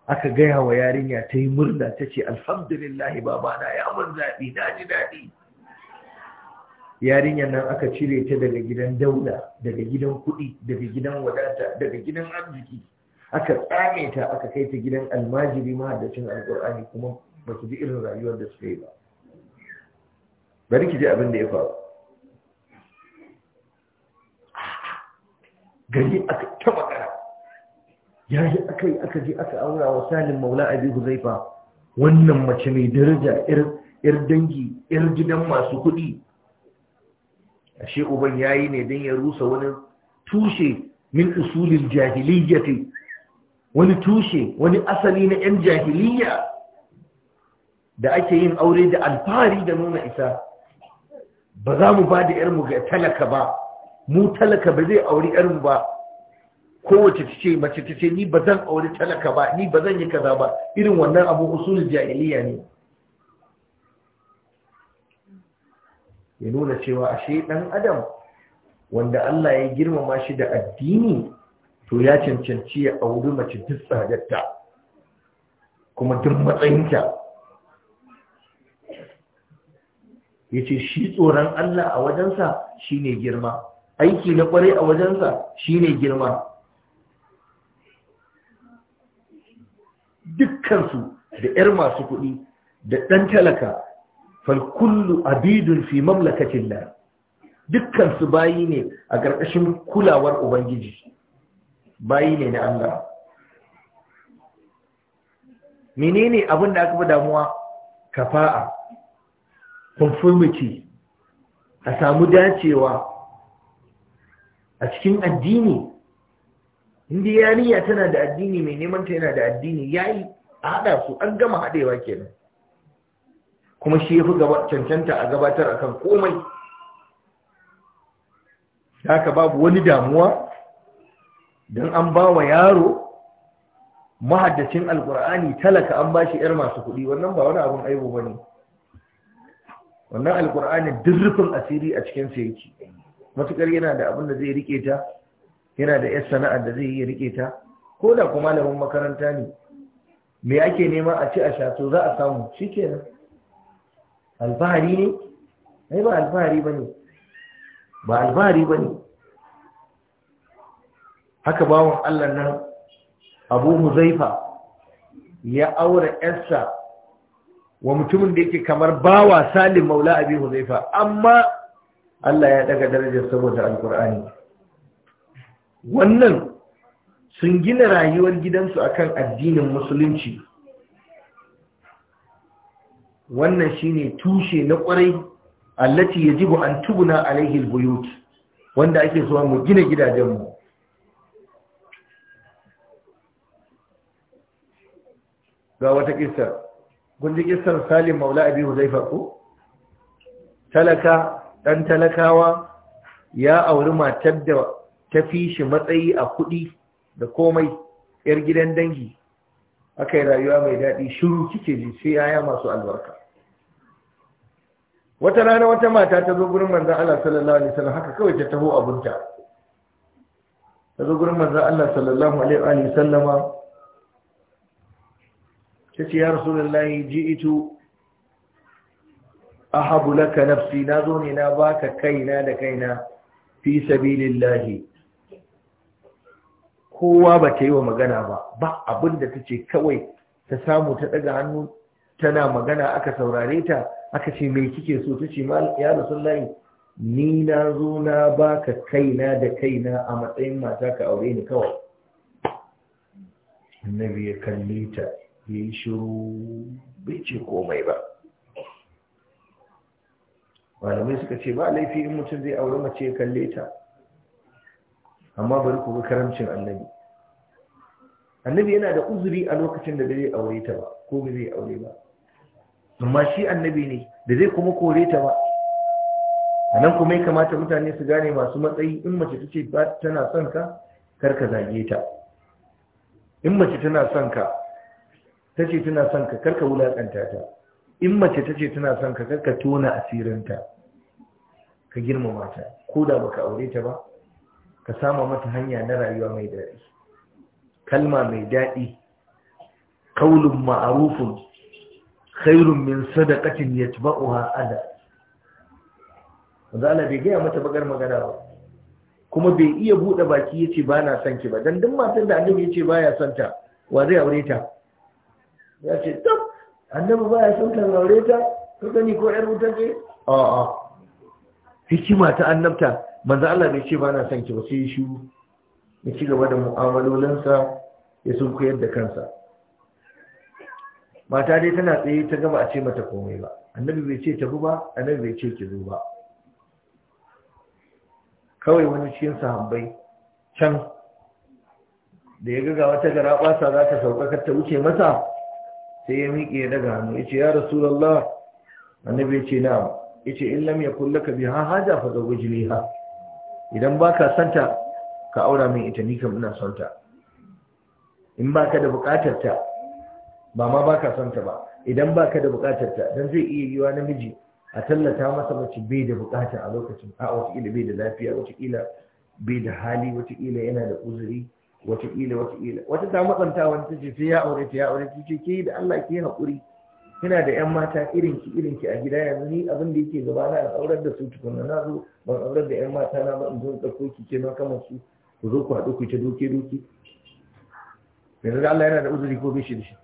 aka gaya wa yarinya ta yi murna ta ce alhamdulillahi babana ya mun zaɓi na ji daɗi yarinyar nan aka cire ta daga gidan daula daga gidan kuɗi daga gidan wadata daga gidan arziki aka tsame ta aka kai ta gidan almajiri mahaddacin alƙur'ani kuma ba su ji irin rayuwar da suka yi ba bari ki ji abin da ya faru gari aka ta magana yi aka yi aka je aka aura wa salim maula abi huzaifa wannan mace mai daraja 'yar dangi 'yar gidan masu kuɗi ashe uban yayi ne don ya rusa wani tushe min usulil jahiliyyati wani tushe wani asali na yan jahiliyya da ake yin aure da alfahari da nuna isa ba za mu ba da yarmu ga talaka ba mu talaka ba zai auri yarmu ba kowace tace mace tace ni ba zan auri talaka ba ni ba zan yi kaza ba irin wannan abu usulin jahiliya ne ya nuna cewa ashe ɗan adam wanda Allah ya girmama shi da addini to ya cancanci ya auri mace duk tsadatta kuma duk matsayinta ya ce shi tsoron Allah a wajensa shi ne girma aiki na kwarai a wajensa shi ne girma dukkansu da 'yar masu kuɗi da ɗan talaka falkullu abidun fi mamlakatin la Dukkansu su bayi ne a ƙarƙashin kulawar ubangiji bayi ne na Allah menene abin da aka fi damuwa kafa'a conformity a samu dacewa a cikin addini inda tana da addini mai neman ta yana da addini yayi a haɗa su an gama haɗewa kenan kuma shi ya fi cancanta a gabatar a kan komai haka babu wani damuwa don an ba wa yaro mahaddacin alkur'ani talaka an ba shi 'yar masu kuɗi wannan ba wani abin aibu ba ne wannan alkur'ani dirrufin asiri a cikin yake matukar yana da abin da zai rike ta yana da 'yar sana'ar da zai yi rike ta ko da kuma malamin makaranta ne me ake nema a ci a sha to za a samu shikenan alfahari ne ai ba alfahari bane. ba alfahari haka bawon allah nan abu muzaifa ya aure yarsa wa mutumin da yake kamar bawa salim maula abi huzaifa amma allah ya daga darajar saboda alkur'ani wannan sun gina rayuwar gidansu akan addinin musulunci wannan shine tushe na kwarai allati yajibu an tubna alaihi albuyut wanda ake so mu gina gidajenmu ga wata kissa kun ji kissar Salim Maula Abi Huzaifa ko talaka ɗan talakawa ya auri matar da ta fi shi matsayi a kuɗi da komai yar gidan dangi aka yi rayuwa mai daɗi shiru kike ji sai yaya masu albarka wata rana wata mata ta zo gurin manzan Allah sallallahu alaihi wasallam haka kawai ta taho abunta ta zo gurin manzan Allah sallallahu alaihi wasallama ta ce ya rasulullahi ji'itu ahabu laka nafsi na zo ne na baka kaina da kaina fi sabilillahi kowa ba ta yi wa magana ba ba abin da ta ce kawai ta samu ta daga hannu tana magana aka saurare ta aka ce mai kike so ta ce ya rasulullahi ni na zo na baka kaina da kaina a matsayin mata ka aure ni kawai annabi ya kalle ta ya shiru bai ce komai ba malamai suka ce ba laifi in mutum zai aure mace ya kalle ta amma bari ku ga karamcin annabi annabi yana da uzuri a lokacin da bai aure ta ba ko bai aure ba amma shi annabi ne da zai kuma kore ta ba a nan kuma ya kamata mutane su gane masu matsayi in mace ta ce tana son ka karka zage ta in mace tana son ka ta ce tana son ka karka wulaƙanta ta in mace ta ce tana son ka karka tona asirinta ka girma mata ko da baka aure ta ba ka sama mata hanya na rayuwa mai daɗi kalma mai daɗi kaulun ma'arufun khairun min sadaqatin yatba'uha ada wanda Allah bai gaya mata bagar magana ba kuma bai iya bude baki yace ba na son ki ba dan duk matan da annabi yace baya son ta wa zai aure ta ya ce tab annabi baya son ta aure ta ka gani ko yar wutar ce a a hikima ta annabta manzo Allah bai ce ba na son ki ba sai shi ya ci gaba da mu'amalolinsa ya sun koyar da kansa mata dai tana tsaye ta gama a ce mata komai ba annabi bai ce tafi ba annabi bai ce ki zo ba kawai wani cikin sahabbai can da ya ga wata gara basa za ta sauka ta wuce masa sai ya miƙe ya daga hannu ya ce ya rasulallah annabi ya ce na ya ce in lam yakun laka ha haja fa ha. idan baka santa ka aura min ita ni kam ina santa. in in baka da bukatar ta ba ma ba ka son ta ba idan ba ka da buƙatar ta don zai iya yiwa namiji a tallata masa mace bai da buƙata a lokacin a wataƙila bai da lafiya wataƙila bai da hali wataƙila yana da uzuri wataƙila wataƙila wata ta matsanta wani ta ce sai ya aure ta ya aure ta ce ke da Allah ke haƙuri kina da ƴan mata irin ki irin ki a gida yanzu ni abin da yake gaba na aurar da su tukunna na zo ban aurar da ƴan mata na ba in zo ɗauko ki ke ma kamar su ku zo ku haɗu ku ta doke doke yanzu Allah yana da uzuri ko bai shi da shi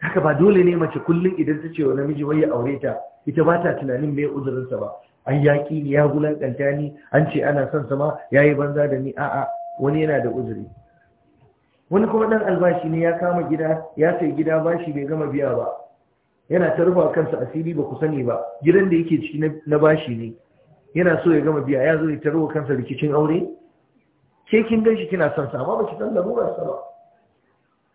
haka ba dole ne mace kullum idan ta ce wa namiji wai ya aure ta ita ba ta tunanin uzurin uzurinsa ba an yaƙi ne, ya gulakanta ni an ce ana son sama ya yi banza da ni a'a wani yana da uzuri wani kuma ɗan albashi ne ya kama gida ya sai gida bashi bai gama biya ba yana ta rufa kansa asiri ba ku sani ba gidan da yake ciki na bashi ne yana so ya gama biya ya zo ya ta kansa rikicin aure ke kin gan shi kina son sa amma ba ki san lamurar sa ba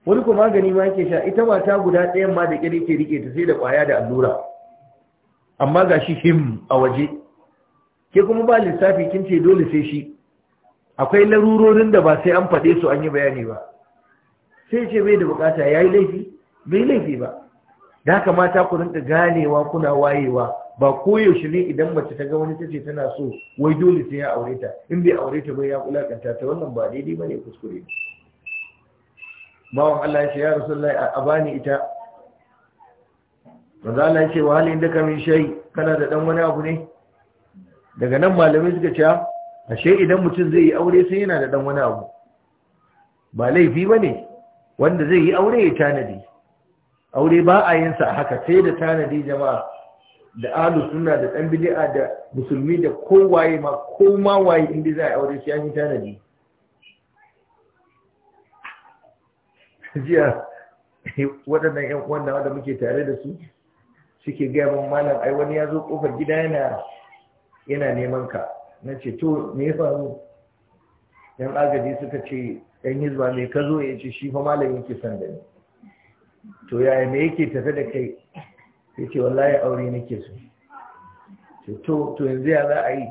wani ko magani ma yake sha ita mata guda ɗayan ma da ƙiri ke rike ta sai da ƙwaya da allura amma ga shi him a waje ke kuma ba lissafi kin ce dole sai shi akwai larurorin da ba sai an faɗe su an yi bayani ba sai ce bai da bukata ya yi laifi bai laifi ba da haka mata ku rinka ganewa kuna wayewa ba koyaushe ne idan mace ta ga wani ta ce tana so wai dole sai ya aure ta in bai aure ta bai ya kulakanta ta wannan ba daidai ba ne kuskure ne bawan Allah ya ce ya rasulullahi a bani ita wanda Allah ya ce wa halin da kamin shai kana da dan wani abu ne daga nan malamai suka ce shai idan mutum zai yi aure sai yana da dan wani abu ba laifi ba ne wanda zai yi aure ya tanadi aure ba a yin sa haka sai da tanadi jama'a da alu suna da dan bid'a da musulmi da kowaye ma ko ma waye inda za a aure sai an yi tanadi jiya waɗannan 'yan uwan da muke tare da su suke gaya min malam ai wani ya zo kofar gida yana yana neman ka na ce to me ya faru yan agaji suka ce yan hizba mai ka zo ya ce shi fa malam yake son da ni to yaya me yake tafe da kai ya ce wallahi aure nake so to to yanzu ya za a yi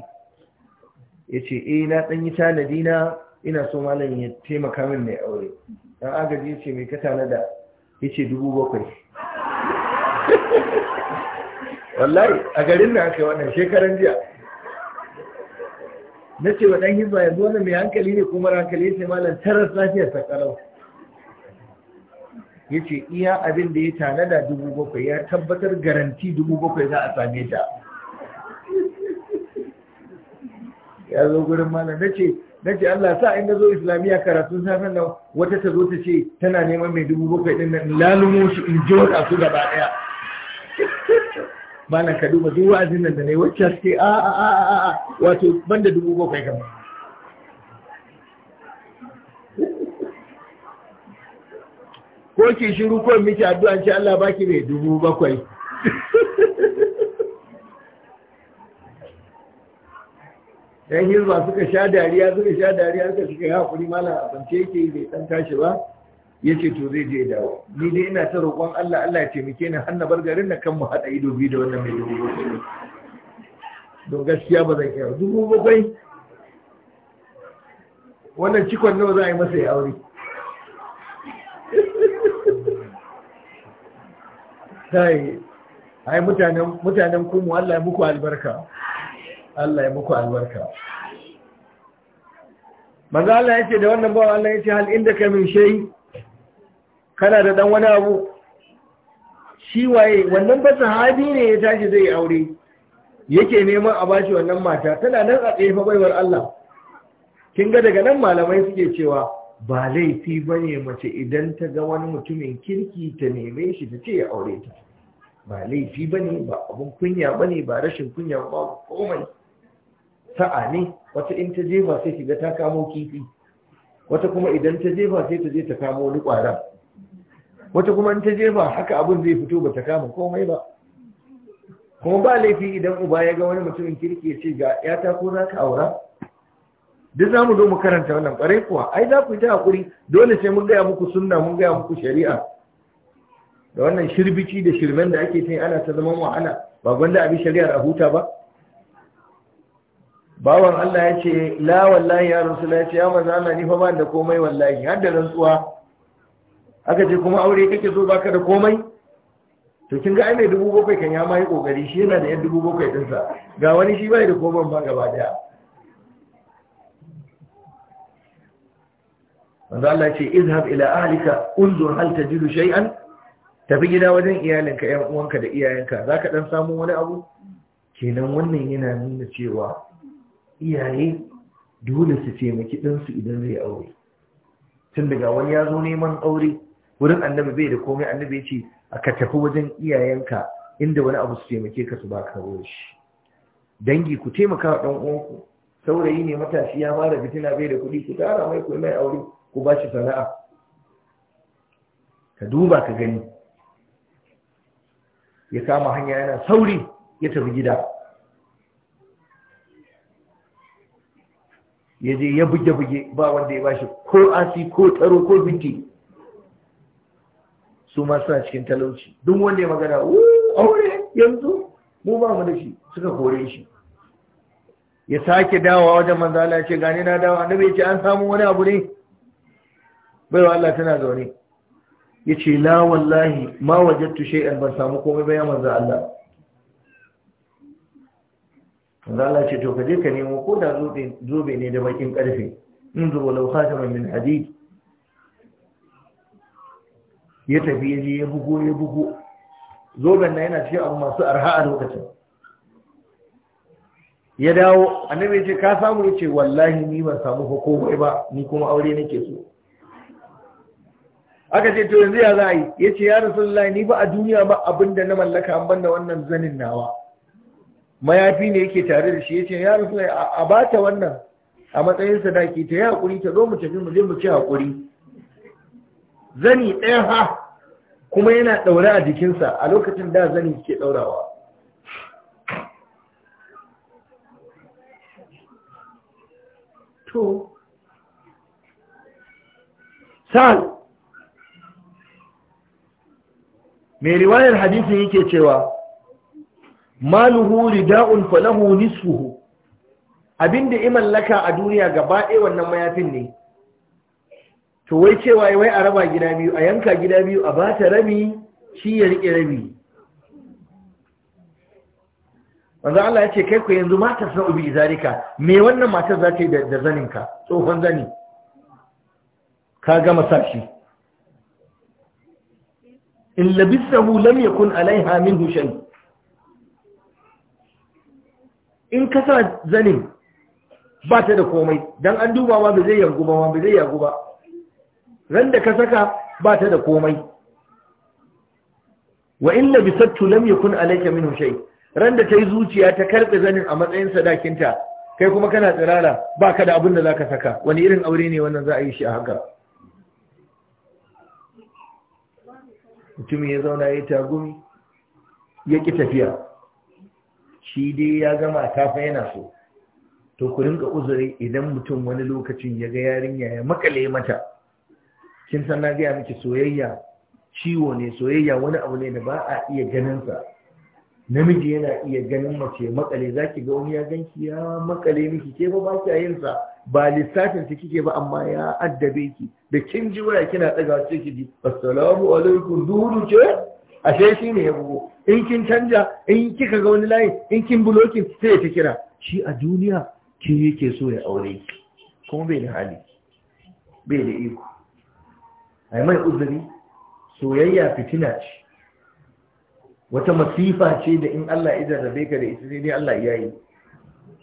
ya ce eh na ɗan yi tanadi na ina so malam ya taimaka min ne aure dan agaji yace ce mai ka tanada ya ce dubu bakwai wallahi a garin na aka wannan shekaran jiya na ce wa ɗan hizba yanzu wani mai hankali ne kuma hankali ya ce malam taras lafiyar sakarau ya ce iya abin da ya tanada dubu bakwai ya tabbatar garanti dubu bakwai za a same ta ya zo gurin malam na ce na ce Allah sa in zo islamiyya karatun safen nan wata ta zo ta ce tana neman mai dubu bakwai ɗin nan lalumo shi in ji wata su gaba Ba na ka duba duk wa'azin nan da yi wacce suke a a a a a wato banda dubu bakwai kama ko ke shiru ko miki addu'a ce Allah baki mai dubu bakwai yan hirba suka sha dariya suka sha dariya suka shiga ya hakuri mala a bance yake bai dan tashi ba ya ce to zai je dawo ni dai ina ta roƙon Allah Allah ya taimake ni hanna bar garin na kan mu haɗa ido biyu da wannan mai dubu bakwai don gaskiya ba zan iya dubu bakwai wannan cikon nawa za a yi masa ya aure sai ai mutanen mutanen kuma Allah ya muku albarka Allah ya muku albarka maza Allah ce da wannan bawan Allah ce hal inda ka min shayi, kana da dan wani abu shi waye wannan ba sahabi ne ya tashi zai aure yake neman a bashi wannan mata tana nan a tsaye fa baiwar Allah kin ga daga nan malamai suke cewa ba laifi bane mace idan ta ga wani mutumin kirki ta neme shi ta ce ya aure ta ba laifi bane ba abun kunya bane ba rashin kunya ba komai sa'a ne wata in ta jefa sai shiga ta kamo kifi wata kuma idan ta jefa sai ta je ta kamo wani kwara wata kuma in ta jefa haka abin zai fito ba ta kama komai ba kuma ba laifi idan uba ya ga wani mutumin kirki ya ce ga ya ta ko za ka aura duk za mu zo mu karanta wannan kwarai kuwa ai za ku yi ta haƙuri dole sai mun gaya muku sunna mun gaya muku shari'a da wannan shirbici da shirmen da ake sai ana ta zama wahala ba gwanda abin shari'ar a huta ba bawan Allah ya ce la wallahi ya rasula ya ce ya maza Allah ni fa ba da komai wallahi har da rantsuwa aka ce kuma aure kake so baka da komai to kin ga ai mai dubu bakwai kan ya ma yi kokari shi yana da yan dubu bakwai din sa ga wani shi bai da komai ba gaba daya manzo Allah ya ce izhab ila ahlika unzur hal tajidu shay'an tafi gida wajen iyalinka yan uwanka da iyayenka zaka dan samu wani abu kenan wannan yana nuna cewa iyaye dole su taimaki ɗansu idan zai aure tun daga wani ya zo neman aure wurin annabi bai da komai annabi ya ce ka tafi wajen iyayenka inda wani abu su taimake ka su ba ka shi dangi ku taimaka wa ɗan uwanku saurayi ne matashi ya fara fitina bai da kuɗi ku tara mai ku mai aure ku ba shi sana'a ka duba ka gani ya kama hanya yana sauri ya tafi gida ya je ya buge-buge ba wanda ya bashi ko asi ko taro ko binti su ma suna cikin talauci duk wanda ya magana aure yanzu mu ba mu da shi suka kore shi ya sake dawa wajen manzala ce gane na dawa annabi ce an samu wani abu ne wa Allah tana zaune ya ce la wallahi ma wajattu shay'an ban samu komai ba ya manzo Allah manzo Allah ce to ka je ka nemo ko da zobe ne da bakin karfe in zuwa law ta min hadid ya tafi ya ya bugo ya bugo zoben nan yana ce abu masu arha a lokacin ya dawo annabi ce ka samu ya ce wallahi ni ban samu ko komai ba ni kuma aure nake so aka ce to yanzu ya za a yi ya ce ya rasu ni ba a duniya ba abinda na mallaka an banda wannan zanin nawa mayafi ne yake tare da shi yace ya rasu a bata wannan a matsayin sadaki ta yi hakuri ta zo mu tafi mu je mu ci hakuri zani ɗaya ha kuma yana ɗaure a jikinsa a lokacin da zani ke ɗaurawa to sal mai riwayar hadisin yake cewa maluhu rida'un falahu nisfuhu abinda i mallaka a duniya gaba ɗaya wannan mayafin ne to wai cewa wai a raba gida biyu a yanka gida biyu a ba ta rami shi ya riƙe rami. wanda Allah ya ce kai ku yanzu matar sa ubi zarika me wannan matar za ta yi da zaninka tsohon zani ka gama sa shi in labisahu lam yakun alaiha minhu shay' in ka sa zanin ba ta da komai don an duba ma ba zai yanku ba ba zai yagu ba ran da ka saka ba ta da komai wa in labisattu lam yakun alayka minhu shay ran da tayi zuciya ta karbe zanin a matsayin sadakinta kai kuma kana tsirara ba ka da abin da zaka saka wani irin aure ne wannan za a yi shi a haka mutum ya zauna ya tagumi ya ki tafiya shi dai ya gama ta fa yana so to ku rinka uzuri idan mutum wani lokacin ya ga yarinya ya makale mata kin san na gaya miki soyayya ciwo ne soyayya wani abu ne da ba a iya ganin sa namiji yana iya ganin mace makale zaki ga wani ya ganki ya makale miki ke ba ba kiya yin sa ba lissafin ta kike ba amma ya addabe ki da kin ji waya kina daga ce ki assalamu alaikum dudu ce ashe shi ne ya bugo in kin canja in kika ga wani layi in kin bulokin sai ya ta kira shi a duniya ki yake so ya aure ki kuma bai da hali bai da iko ai mai uzuri soyayya fitina ce wata masifa ce da in Allah ya jarrabe ka da ita sai dai Allah ya yi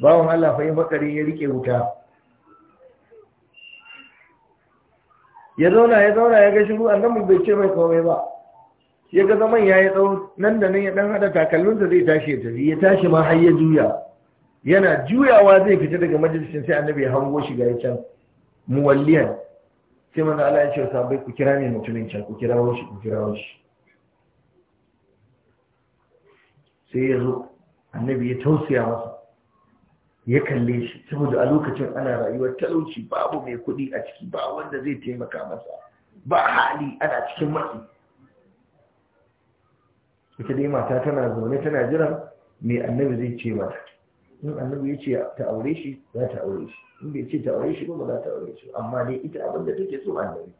bawon Allah fa yi bakari ya rike wuta ya zauna ya zauna ya ga shiru annabi bai ce mai komai ba ya ga zaman ya yi tsawon nan da nan ya dan hada takalminsa zai tashi ya tafi ya tashi ma har ya juya yana juyawa zai fita daga majalisin sai annabi ya hango shiga ya can muwalliyan sai manzo Allah ya ce bai ku kira ne mutumin can ku kira shi ku kira shi sai ya zo annabi ya tausaya masa ya kalle shi saboda a lokacin ana rayuwar talauci babu mai kuɗi a ciki ba wanda zai taimaka masa ba hali ana cikin matsi ita dai mata tana zaune tana jiran me annabi zai ce mata in annabi ya ce ta aure shi za ta aure shi in bai ce ta aure shi ba za ta aure shi amma dai ita abin da take so annabi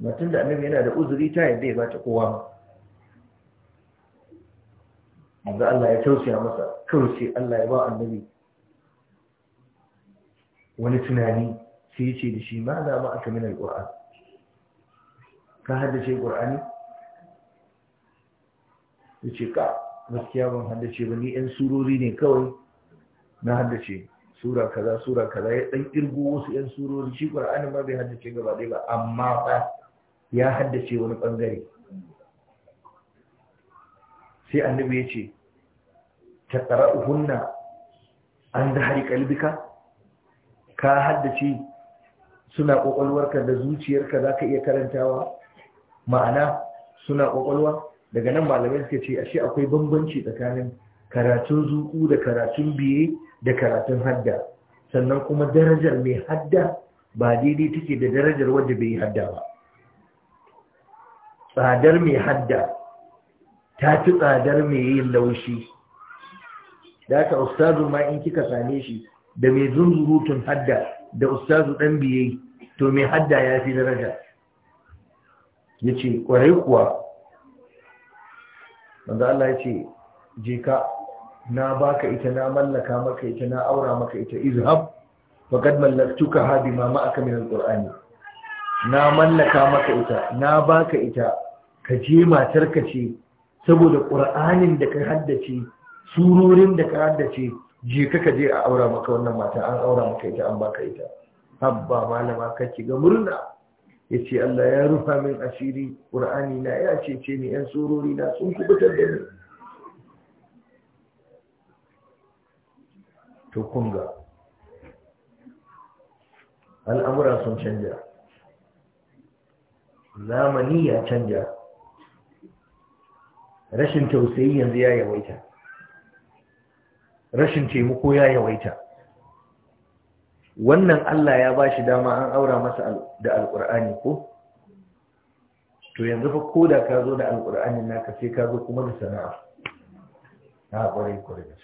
matan da annabi yana da uzuri ta yadda ya bata kowa yanzu Allah ya tausaya masa kawai sai Allah ya ba annabi wani tunani sai ya ce da shi ma za ma aka min alƙur'an ka haddace ƙur'ani ya ce ka gaskiya ban haddace ba ni yan surori ne kawai na haddace sura kaza sura kaza ya dan kirgo wasu yan surori shi qur'ani ma bai haddace gaba ɗaya ba amma ba ya haddace wani bangare sai annabi ya ce taqra'uhunna an hari kalbika ka haddace suna kwakwalwarka da zuciyarka zaka iya karantawa ma'ana suna kwakwalwa daga nan malamai suka ce ashe akwai bambanci tsakanin karatun zuku da karatun biye da karatun hadda sannan kuma darajar mai hadda ba daidai take da darajar wadda bai yi hadda ba tsadar mai hadda ta fi tsadar mai yin laushi da aka ustazu ma in kika same shi da mai zunzurutun hadda da ustazu ɗan biye to mai hadda ya fi daraja ya ce kwarai kuwa manzo Allah ya ce je ka na baka ita na mallaka maka ita na aura maka ita izhab faqad mallaktuka hadi ma ma'aka min alqur'ani na mallaka maka ita na baka ita ka je matarka ce saboda qur'anin da ka haddace surorin da ka haddace je ka ka je a aura maka wannan mata an aura maka ita an baka ita habba malama kake ga murna ya ce Allah ya rufa min asiri ƙur'ani na ya ce ni ‘yan tsorori na sun kubutar da ni to kunga al'amura sun canja zamani ya canja rashin tausayi yanzu ya yawaita rashin taimako ya yawaita wannan Allah ya ba shi dama an aura masa da alƙur'ani ko to yanzu fa ko da ka zo da alƙur'ani naka sai ka zo kuma da sana'a na ƙwarai ƙwarai da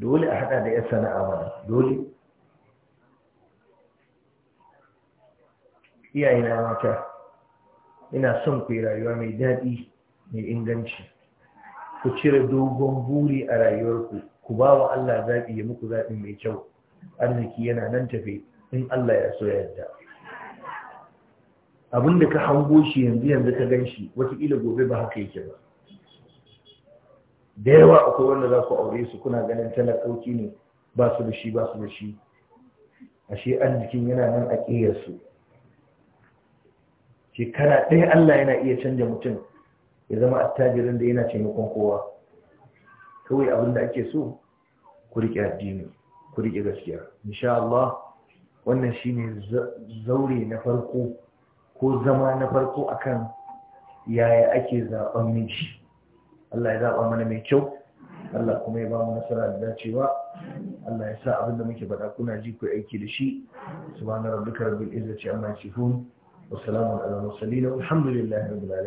dole a haɗa da 'yan sana'a mana dole iyayena mata ina son ku rayuwa mai daɗi mai inganci ku cire dogon buri a rayuwarku ku ba wa Allah zaɓi ya muku zaɓi mai kyau arziki yana nan tafe in Allah ya so ya yarda abinda ka hango shi yanzu yanzu ka gan shi kila gobe ba haka yake ba da yawa akwai wanda za ku aure su kuna ganin talakauki ne ba su da shi ba su da shi ashe arzikin yana nan a ƙiyarsu shekara ɗaya Allah yana iya canja mutum ya zama attajirin da yana taimakon kowa kawai abin da ake so ku riƙe addini ku riƙe gaskiya insha Allah wannan shine zaure na farko ko zama na farko akan yaya ake zaben miji Allah ya zaba mana mai kyau Allah kuma ya ba mu nasara da dacewa Allah ya sa abinda muke faɗa kuna ji ku aiki da shi subhana rabbika rabbil izzati amma yasifun wa salamun ala mursalin walhamdulillahi rabbil alamin